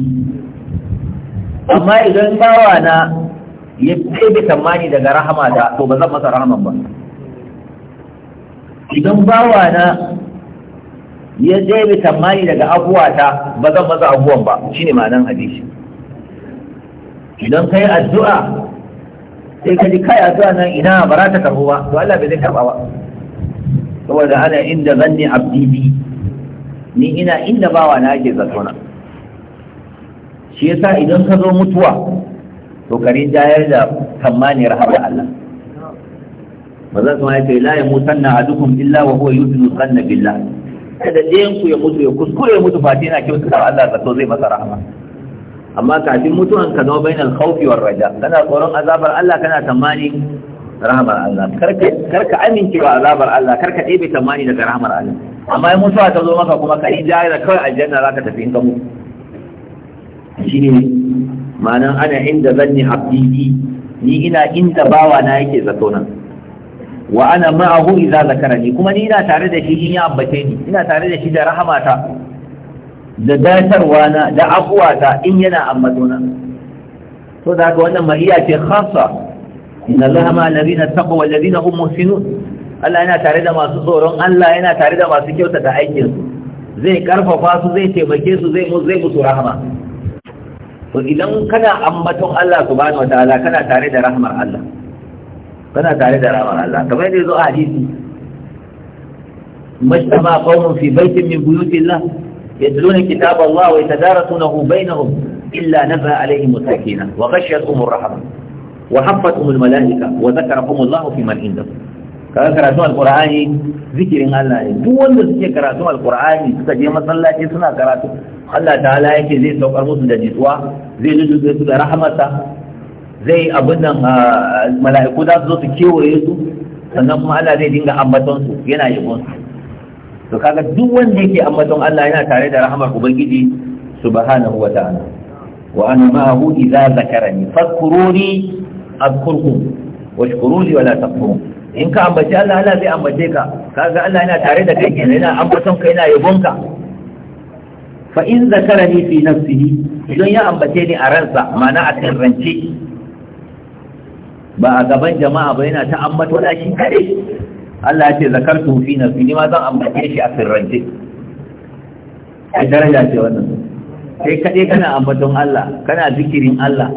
[SPEAKER 1] amma idan bawa na ya kai bi tsammani daga rahama da to ba zan masa rahaman ba idan bawa na ya ɗebe tamani daga abuwata ba zan masa abuwan ba shine ma'anan hadisi idan ka yi addu'a sai ka ji kai addu'a nan ina ba za ta karɓu ba to Allah bai zai karɓa ba saboda ana inda zanni abdi bi ni ina inda bawa na ake zatona shi yasa idan ka zo mutuwa to ka dayar da tamaniyar haɗa Allah maza su ya ce la ya mutan na adukum illa wa huwa yudnu sanna billah kada ɗayan ku ya mutu ya kuskure ya mutu fati yana kyautu da Allah zato zai masa rahama amma kafin mutuwan ka zama bainal khawfi war raja kana tsoron azabar Allah kana tamani rahamar Allah karka amince wa azabar Allah karka ɗebe tamani daga rahamar Allah amma in mutuwa ta zo maka kuma ka yi da kawai aljanna za ka tafi in ka mutu shi ne ma'anan ana inda zan zanni abdi ni ina inda bawa na yake zato nan wa ana ma'ahu idza zakarani kuma ni ina tare da shi in ya ambace ni ina tare da shi da rahamata da datarwa na da afuwata in yana ambato na to da haka wannan ma'iya ce khassa inna allaha ma alladhina wa alladhina hum muhsinun Allah yana tare da masu tsoron Allah yana tare da masu kyautata aikin su zai karfafa su zai taimake su zai mu zai musu rahama to idan kana ambaton Allah subhanahu wataala kana tare da rahmar Allah kana tare da rawar Allah kamar yadda zo a hadisi Mashtama qaumun fi baitin min buyutillah yatluna kitab Allah wa yatadarasunahu bainahum illa nafa alaihim sakina wa ghashiyatuhum rahmah wa haffatuhum Mala'ika wa dhakarahum Allah fi man indahu kaga karatu alqur'ani zikirin Allah ne duk wanda suke karatu Al-Qur'ani, suka je masallaci suna karatu Allah ta'ala yake zai saukar musu da jituwa zai lulluɓe su da rahmata zai abin nan ah, mala'iku za su zo su kewaye su sannan kuma Allah zai dinga ambaton su yana yabon su to kaga duk wanda yake ambaton Allah yana tare da rahamar ubangiji subhanahu wa ta'ala wa ana ma'ahu idza zakarani fadhkuruni adhkurkum washkuruni wala takfurun in ka ambaci Allah Allah zai ambace ka kaga Allah yana tare da kai yana ambaton ka yana yabon ka fa in zakarani fi nafsihi idan ya ambace ni a ransa ma'ana a kan rance ba a gaban jama'a ba yana ta ambato da shi kare Allah ya ce zakartu fi nafsi ni ma zan ambace shi a sirrance a daraja ce wannan sai kade kana ambaton Allah kana zikirin Allah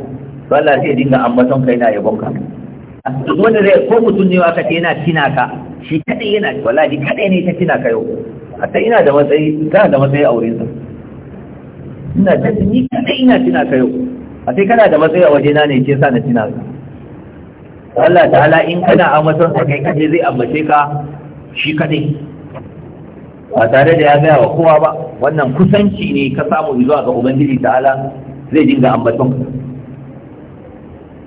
[SPEAKER 1] to Allah sai dinga ambaton kai na yabon ka wanda zai ko mutum ne aka ce yana tina ka shi kade yana wallahi kade ne ta tina ka yau hatta ina da matsayi za da matsayi a wurin sa ina da ni kade ina tina ka yau a sai kana da matsayi a wajena ne ke sa na tina ka Allah ta'ala in kana ambaton sa kai kaje zai ambace ka shi kadai ba tare da ya gaya wa kowa ba wannan kusanci ne ka samu zuwa ga ubangiji ta'ala zai dinga ambaton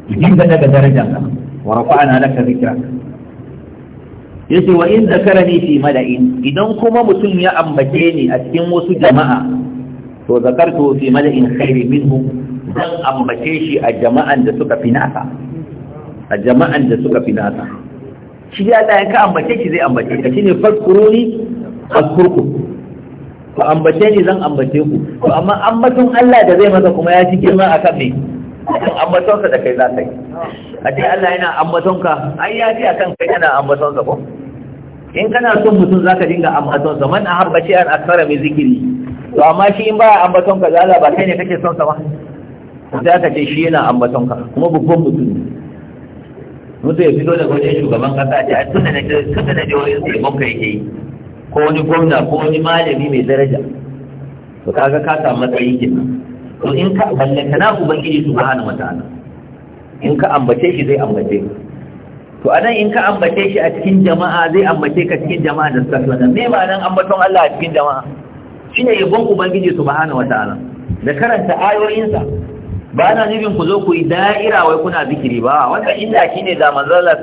[SPEAKER 1] ka dinga daga darajar ka wa rafa'ana laka yace wa in zakarani fi mala'in idan kuma mutum ya ambace ni a cikin wasu jama'a to zakartu fi mala'in khairin minhu zan ambace shi a jama'an da suka fi nasa a jama'an da suka fi nasa shi ya da ka ambace shi zai ambace ka shine fadkuruni azkurku ku ambace ni zan ambace ku to amma ambaton Allah da zai masa kuma ya ci girma akan me ambaton ambatonsa da kai za ka yi a ce Allah yana ka ai ya ce akan kai yana ambatonsa ko in kana son mutum za ka dinga ambatonsa man ahabba shi an akara mai zikiri to amma shi in baya ka za ba kai ne kake son sa ba za ka ce shi yana ambaton ka? kuma babban mutum ne mutum ya fito daga wajen shugaban kasa ce a tunda na tunda na je wajen taimakon ya yake yi ko wani gwamna ko wani malami mai daraja to kaga ka samu matsayi kenan to in ka ambace na ubangiji subhanahu wataala in ka ambace shi zai ambace ka to anan in ka ambace shi a cikin jama'a zai ambace ka cikin jama'a da suka tsada me ba nan ambaton Allah a cikin jama'a shine yabon ubangiji subhanahu wataala da karanta ayoyinsa ba na nufin ku zo ku yi da'ira wai kuna zikiri ba wanda inda shi ne da manzala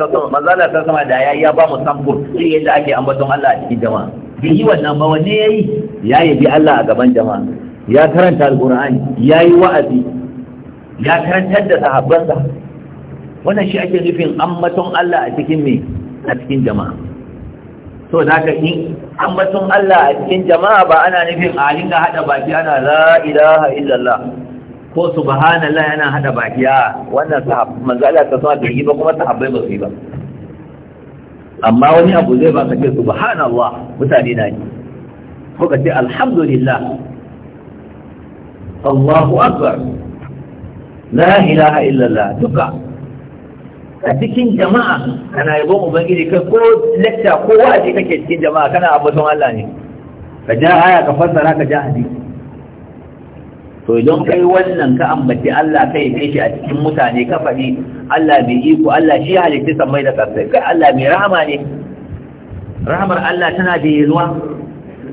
[SPEAKER 1] ta sama da ya yi ya ba mu samfur shi yadda ake ambaton Allah a cikin jama'a bi yi wannan ba wanne ya yi ya bi Allah a gaban jama'a ya karanta alkur'ani ya yi wa'azi ya karantar da sahabbansa wannan shi ake nufin ambaton Allah a cikin me a cikin jama'a so da haka in ambaton Allah a cikin jama'a ba ana nufin a dinga hada baki ana la ilaha illallah ko subhanallah yana hada bakiya wannan sahab manzo Allah ta sa bai yi ba kuma sahabbai ba su yi ba amma wani abu zai ba ka ce subhanallah mutane na ni? ko ka ce alhamdulillah Allahu akbar la ilaha illallah duka a cikin jama'a kana yabon ubangiji kai ko lecture ko wa'azi kake cikin jama'a kana abuton Allah ne ka ja aya ka fassara ka ja hadisi to don kai wannan ka ambaci Allah kai ya shi a cikin mutane ka faɗi Allah bai iko Allah shi halitta sammai da kasai kai Allah mai rahama ne rahamar Allah tana da yalwa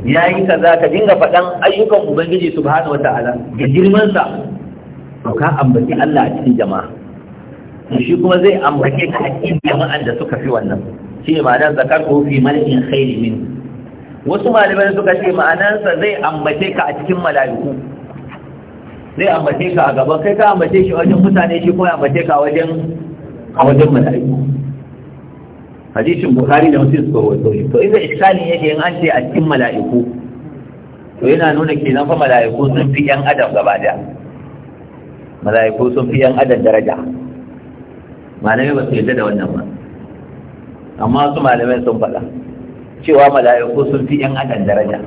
[SPEAKER 1] ya yi kaza ka dinga faɗan ayyukan ubangiji subhanahu wataala da girman sa to ka ambaci Allah a cikin jama'a shi kuma zai ambace ka a cikin jama'an da suka fi wannan shi ne ma'anar zakar ko fi malakin khairi min wasu malamai suka ce ma'anarsa zai ambace ka a cikin mala'iku zai ambace ka a gaban kai ka ambace shi wajen mutane shi ko ya ambace ka wajen a wajen mala'iku hadisin bukari da muslim suka wato shi to inda iskali yake in an ce a cikin mala'iku to yana nuna kenan fa mala'iku sun fi yan adam gaba da mala'iku sun fi yan adam daraja malamai ba su yarda da wannan ba amma su malamai sun faɗa cewa mala'iku sun fi yan adam daraja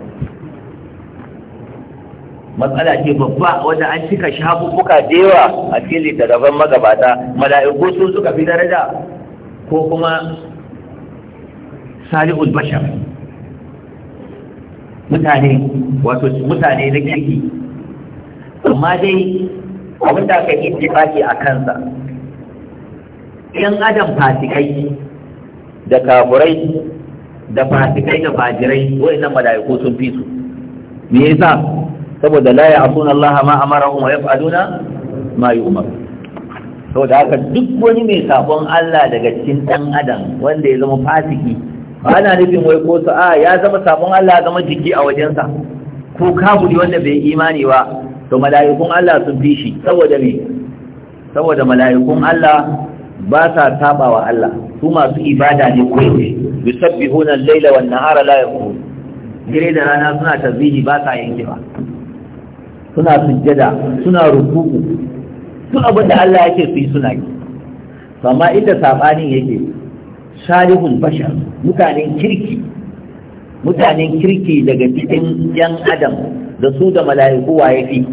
[SPEAKER 1] matsala ce babba wanda an cika shafuffuka da yawa a cikin gaban magabata mala'iku sun suka fi daraja ko kuma salihul bashar mutane wato mutane na kirki amma dai abin da aka yi baki a kansa yan adam fasikai da kafurai da fasikai da fajirai wa'annan mala'iku sun fi su me yasa saboda la ya'suna Allah ma amarahum wa yaf'aluna ma yu'mar saboda haka duk wani mai sabon Allah daga cikin dan adam wanda ya zama fasiki ba ana nufin wai ko a ya zama sabon Allah ya zama jiki a wajensa ko kafiri wanda bai imani ba to mala'ikun Allah sun fi shi saboda me saboda mala'ikun Allah ba sa tabawa Allah su masu ibada ne ko ne yusabbihuna al-laila wan-nahara la yaqum gire da rana suna tasbihi ba sa ba suna sujjada suna rukuku duk abin da Allah yake su yi suna yi amma inda sabani yake salihul bashar mutanen kirki mutanen kirki daga cikin yan adam da su da mala'iku waye fi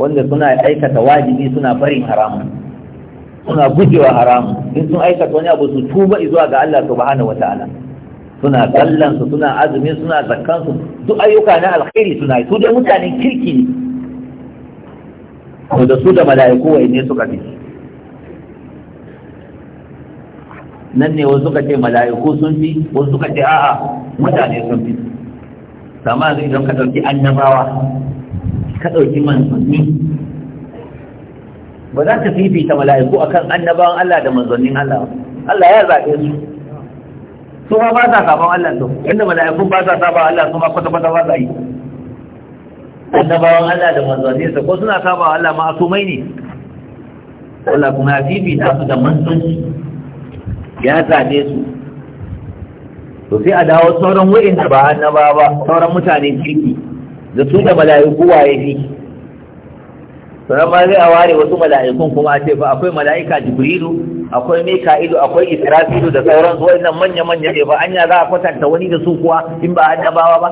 [SPEAKER 1] wanda suna aikata wajibi suna barin haramun suna gujewa haramun in sun aikata wani abu su tuba zuwa ga Allah subhanahu wataala suna sallansu suna azumi suna zakkansu duk ayyuka na alkhairi suna yi su dai mutanen kirki ne ko da su da mala'iku wa ne suka fi nan ne wasu suka ce mala'iku sun fi wasu suka ce a'a mutane sun fi sama zai don ka ɗauki annabawa ka ɗauki manzanni ba za ka fifita mala'iku akan annabawan Allah da manzannin Allah Allah ya zaɓe su su ma ba sa saban Allah to inda mala'ikun ba sa saba Allah su ma kwata kwata ba sa yi annabawan Allah da manzanni sa ko suna saba Allah ma asumai ne Allah kuma ya fifi ta su da manzanci ya zabe su to sai a dawo sauran wurin da ba annaba ba sauran mutane kirki da su da mala'iku waye fi sannan ma zai a ware wasu mala'ikun kuma a ce ba akwai mala'ika jibrilu akwai mika'ilu akwai israfilu da sauran su wa'annan manya-manya ne ba anya za a kwatanta wani da su kuwa in ba annabawa ba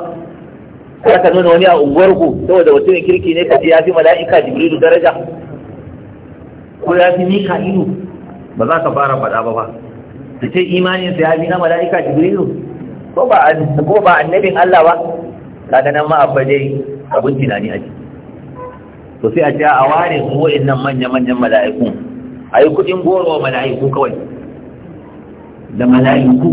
[SPEAKER 1] kada ka nuna wani a unguwarku saboda mai kirki ne ka ce ya fi mala'ika jibrilu daraja ko ya fi mika'ilu ba za ka fara faɗa ba ba su ce imanin sa ya fi na mala'ika jibrilu ko ba annabin Allah ba ta nan ma abba dai abin tunani a ciki. to sai a ce a ware su wa'annan manya-manyan mala'iku a yi kuɗin goro wa mala'iku kawai da mala'iku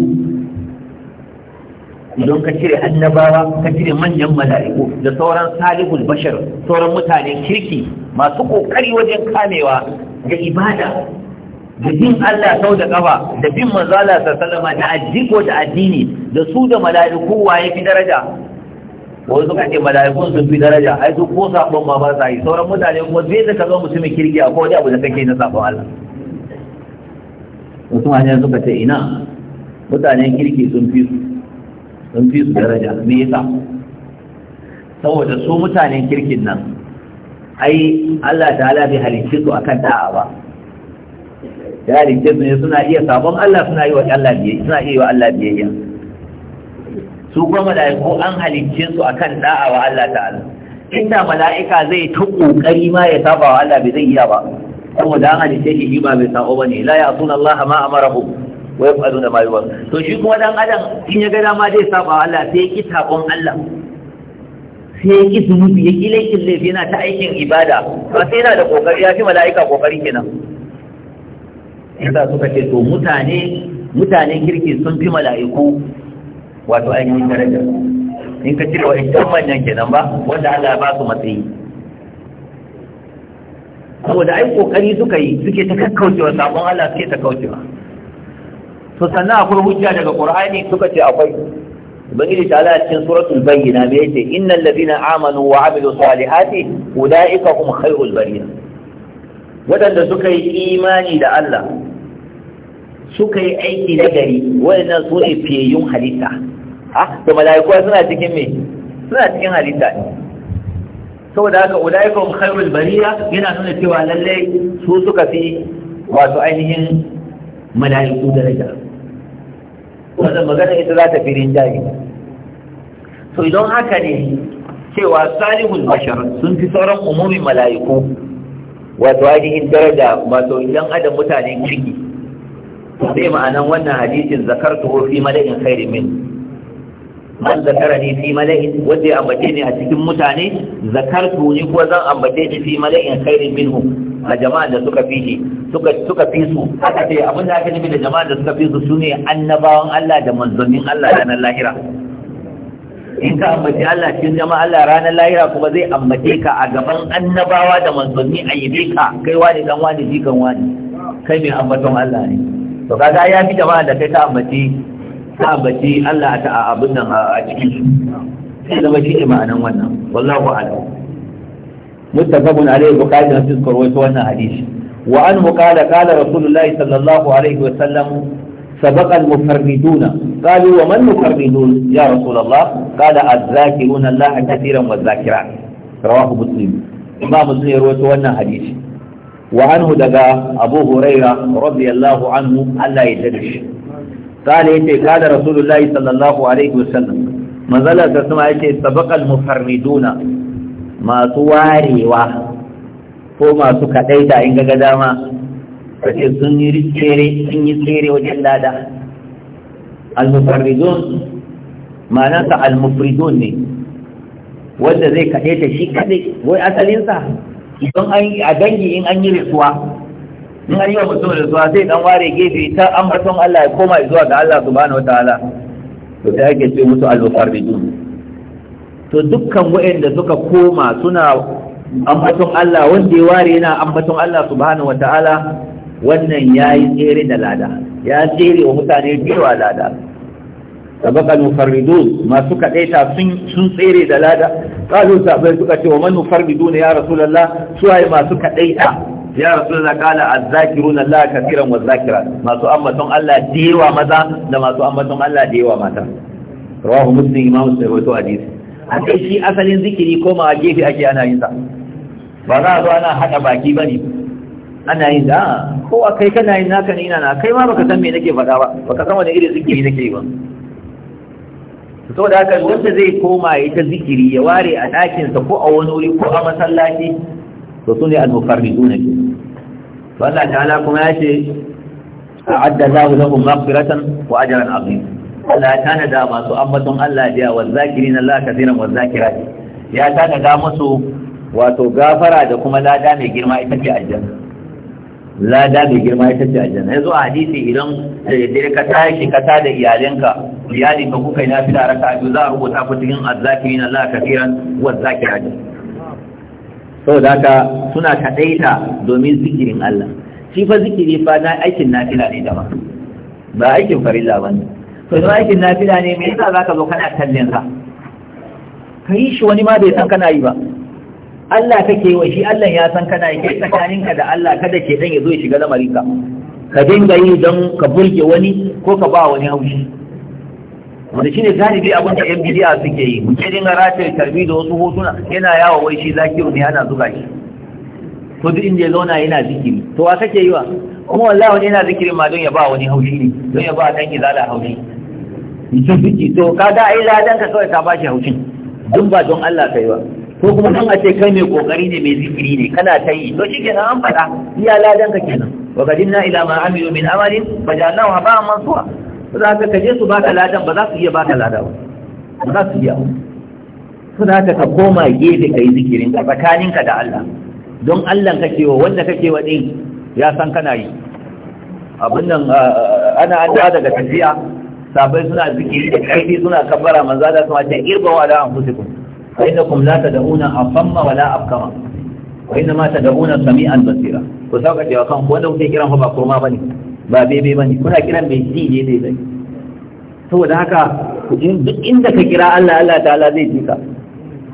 [SPEAKER 1] idan ka cire annabawa ka cire manyan mala'iku da sauran salihul bashar sauran mutane kirki masu kokari wajen kamewa ga ibada da bin Allah sau da kafa da bin manzala sallama da addiko da addini da su da mala'iku waye fi daraja wani suka ce mala'ikun sun fi daraja ai su ko sabon ma ba sa yi sauran mutane kuma zai da kaga mutumin kirki ko wani abu da kake na sabon Allah wasu hanyar suka ce ina mutanen kirki sun fi su sun fi su daraja me yasa saboda su mutanen kirkin nan ai Allah ta'ala bai halicce su akan da'a ba ya halicce su ne suna iya sabon Allah suna yi wa Allah biyayya suna iya wa Allah biyayya su kuma mala'iku an halicce su akan da'a wa Allah ta'ala inda mala'ika zai ta kokari ma ya saba wa Allah bai zai iya ba Kuma da an halicce shi ba bai sabo bane la ya'tuna Allah ma amarahu wa yaf'aluna ma yuwar to shi kuma dan adam in ya ga dama zai saba wa Allah sai ya ki sabon Allah sai ya ki zunubi ya laifin laifi yana ta aikin ibada ba sai yana da kokari ya fi mala'ika kokari kenan yasa suka ce to mutane mutanen kirki sun fi mala'iku wato ainihin daraja. in ka cire wa'ancan manyan kenan ba wanda Allah ba su matsayi saboda ai kokari suka yi suke ta kakkaucewa sabon Allah suke ta kaucewa to sannan akwai hujja daga Qur'ani suka ce akwai ubangiji ta ala cikin suratul bayyina me yace innal ladina amanu wa amilu salihati ulaika hum khairul bariya wadanda suka yi imani da Allah suka yi aiki na gari waɗannan su ne fiyayyun halitta ah to mala'iku suna cikin me suna cikin halitta ne saboda haka ulaikum khairul bariya yana nuna cewa lalle su suka fi wato ainihin mala'iku daraja wannan magana ita za ta firin jari to idan haka ne cewa salihul bashar sun fi sauran umumin mala'iku wato ainihin daraja wato idan adam mutanen ciki sai ma'anan wannan hadisin zakartu fi mala'in khairin min man zakarani fi mala'in wanda ya ambace ni a cikin mutane zakartu ni ko zan ambace ni fi mala'in khairin minhum a jama'a da suka fi shi suka suka fi su haka ce abin da aka nufi da jama'a da suka fi su sune annabawan Allah da manzonin Allah ranar lahira in ka ambace Allah cikin jama'a Allah ranar lahira kuma zai ambace ka a gaban annabawa da manzonni a ka kai wani dan wani jikan wani kai mai ambaton Allah ne to kaga ya fi jama'a da kai ta ambaci ta ambaci Allah ta abin nan a cikin su sai zama shi ne ma'anan wannan wallahu a'lam muttafaqun alayhi bukhari da muslim karwaito wannan hadisi wa anhu qala qala rasulullahi sallallahu alaihi wa sallam سبق المفردون قالوا ومن المفردون يا رسول الله قال الذاكرون الله كثيرا والذاكرات رواه مسلم امام مسلم يروي wannan hadisi wa anhu daga abu huraira radiyallahu anhu Allah ya tada shi ya ce kada rasulullahi sallallahu alaihi wasallam manzala ta sama yace sabaqal mufarriduna masu warewa ko masu kadaita in ga dama kace sun yi tsere wajen lada al-mufarridun ma'anarsa al ne wanda zai kadaita shi kadai wai asalinsa idan an a dangi in an yi rasuwa in an yi wa mutum rasuwa zai dan ware gefe ta ambaton Allah ya koma zuwa ga Allah subhanahu ta'ala to sai ake ce musu al-mufarrijun to dukkan waɗanda suka koma suna ambaton Allah wanda ya ware yana ambaton Allah subhanahu ta'ala wannan yayi tsere da lada ya tsere wa mutane biyu lada sabaka ma masu daita sun sun tsere da lada qalu sabai suka ce wa man mufarridun ya rasulullah suwaye masu daita ya rasulullah qala azzakirun allah kaseeran ma masu ambaton allah da yawa maza da masu ambaton allah da yawa mata rawahu muslim imam sai wato hadisi akai shi asalin zikiri ko ma gefe ake ana yin sa ba za a zo ana hada baki bane ana yin da ko akai kana yin naka ne ina na kai ma baka san me nake faɗa ba baka san wani irin zikiri nake yi ba da haka wanda zai koma ya ta zikiri ya ware a ɗakinsa ko a wani wuri ko a masallaci to su ne al-mufarriduna ke to Allah ta'ala kuma ya ce a'adda Allahu lahum maghfiratan wa ajran azim Allah ta nada da masu ambaton Allah da wa zakirin Allah kathiran wa zakirat ya ta nada musu wato gafara da kuma lada mai girma ita ce aljanna lada mai girma ita ce aljanna yanzu a hadisi idan da ka tashi ka tada iyalinka iyalin ka kuka yi nafila raka'a a za a rubuta ku cikin azzakirin Allah kafiran wa zakirati da ka suna kadaita domin zikirin Allah shi fa zikiri fa na aikin nafila ne da ba Ba aikin farilla ba ne to da aikin nafila ne me yasa zaka zo kana kallon sa ka yi shi wani ma bai san kana yi ba Allah kake wa shi Allah ya san kana yi ke tsakaninka da Allah kada ke dan ya zo ya shiga lamarin ka ka dinga yi don ka burge wani ko ka ba wani haushi wanda shine galibi abin da yan bidiya suke yi mutum dinga rataye tarbi da wasu hotuna yana yawo wai shi zaki ne ana zuba shi to duk inda ya zauna yana zikiri to wa kake yi wa kuma wallahi wani yana zikirin ma don ya ba wani haushi ne don ya ba dan izala haushi ita biki to kaga ai ladan ka kawai ka bashi haushin duk ba don Allah kai ba ko kuma dan a ce kai mai kokari ne mai zikiri ne kana ta yi to nan an faɗa iya ladan ka kenan wa qadimna ila ma amilu min amalin fajalnahu haba'an mansura suna ka kaje su baka ladan ba za su iya baka lada ba ba za su iya suna ka ka koma gefe ka yi zikirin ka tsakaninka da Allah don Allah ka wa wanda kake wa ɗin ya san kana yi abin nan ana addu'a daga tafiya sabai suna zikiri da kaifi suna kabbara manza da kuma ta irba wa ina kuma fa innakum la tad'una afamma wala afkama wa ina ma tad'una sami'an basira ku sauka cewa kan wanda kuke kiran fa ba kurma bane ba bebe bane kuna kiran mai ji ne dai dai saboda haka duk inda ka kira Allah Allah ta'ala zai ji ka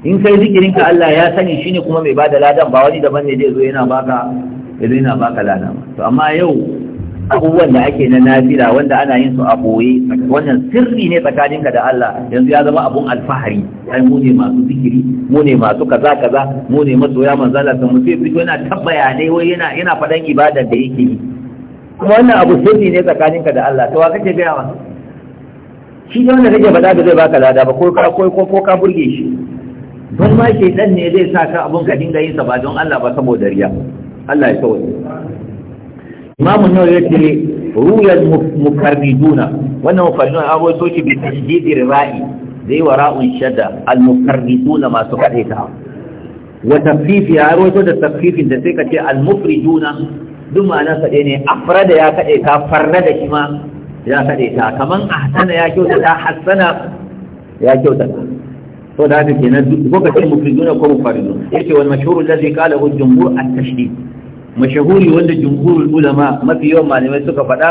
[SPEAKER 1] in kai zikirin ka Allah ya sani shine kuma mai bada ladan ba wani daban ne zai zo yana baka yanzu yana baka to amma yau abubuwan da ake na nafila wanda ana yin su a boye wannan sirri ne tsakaninka da Allah yanzu ya zama abun alfahari ai mu ne masu zikiri mu ne masu kaza kaza mu ne masoya manzala sun mutu yana tabbayane wai yana yana faɗan ibadar da yake yi kuma wannan abu sirri ne tsakaninka da Allah to wa kake gaya wa shi ne wanda kake faɗa da zai baka lada ba ko ka ko ko ka burge shi don ma dan ne zai sa ka abun ka dinga yin sa ba don Allah ba saboda riya Allah ya kawai Imam Nawawi ya ce ruyal mukarriduna wannan mukarriduna abu so shi bi tasjidi ra'i dai wa ra'un shadda al mukarriduna masu kadaita wa tafifi ya rawaito da tafifin da sai ka ce al mufriduna duk ma'anar sa ne afrada ya kaɗe ta farna da shi ma ya kaɗe ta kaman ahsana ya kyautata hassana ya kyautata to da haka kenan ko ka ce mufriduna ko mufaridun yace wal mashhur alladhi qala hu jumhur at-tashdid mashahuri wanda jumhurul ulama mafi yawan malamai suka faɗa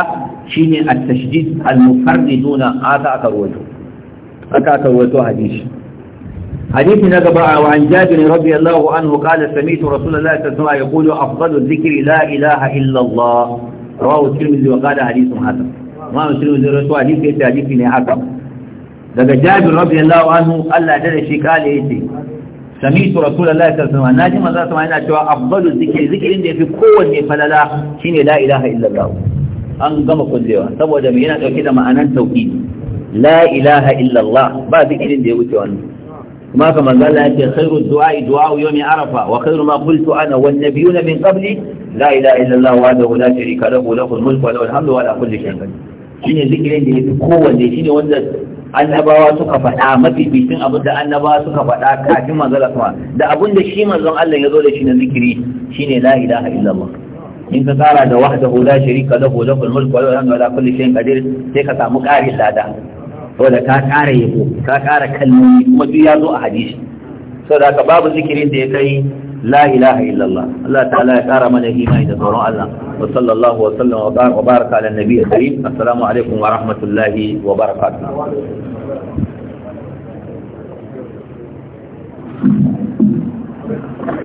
[SPEAKER 1] shine at-tashdid al-mufarriduna aka aka rawaito aka aka rawaito hadisi حديث na وعن جابر رضي الله عنه قال سميت رسول الله صلى الله عليه وسلم يقول أفضل الذكر لا إله إلا الله رواه الترمذي وقال حديث حسن ما الترمذي رسول حديث يتي حديث حسن daga jabir radiyallahu anhu Allah da shi kale yace sami'tu rasulullahi sallallahu alaihi wasallam naji manzo sama yana cewa afdalu zikri zikrin da yafi kowanne falala shine la illallah an gama kullewa saboda me yana dauke da ma'anar tauhid la illallah ba zikrin ya wuce kuma ka manzo Allah yake khairu du'a du'a arafa wa khairu ma qultu ana wan nabiyuna min qabli la ilaha illa Allah wahdahu la sharika lahu lahul mulku wa lahul hamdu wa ala kulli shay'in qadir zikirin da wanda annabawa suka faɗa mafi bikin abin da annabawa suka faɗa kafin manzo kuma da abin da shi manzon Allah ya zo da shi na zikiri shine la ilaha illa in ka tsara da wahdahu la sharika lahu lahul mulku wa lahul hamdu ala kulli shay'in qadir sai ka samu ƙarin lada saboda ka ƙara yabo ka ƙara kalmomi kuma duk ya zo a hadisi saboda haka babu zikirin da ya kai la ilaha illallah Allah ta'ala ya ƙara mana imani da tsoron Allah wa sallallahu wa sallam wa baraka ala nabi karim assalamu alaikum wa rahmatullahi wa barakatuh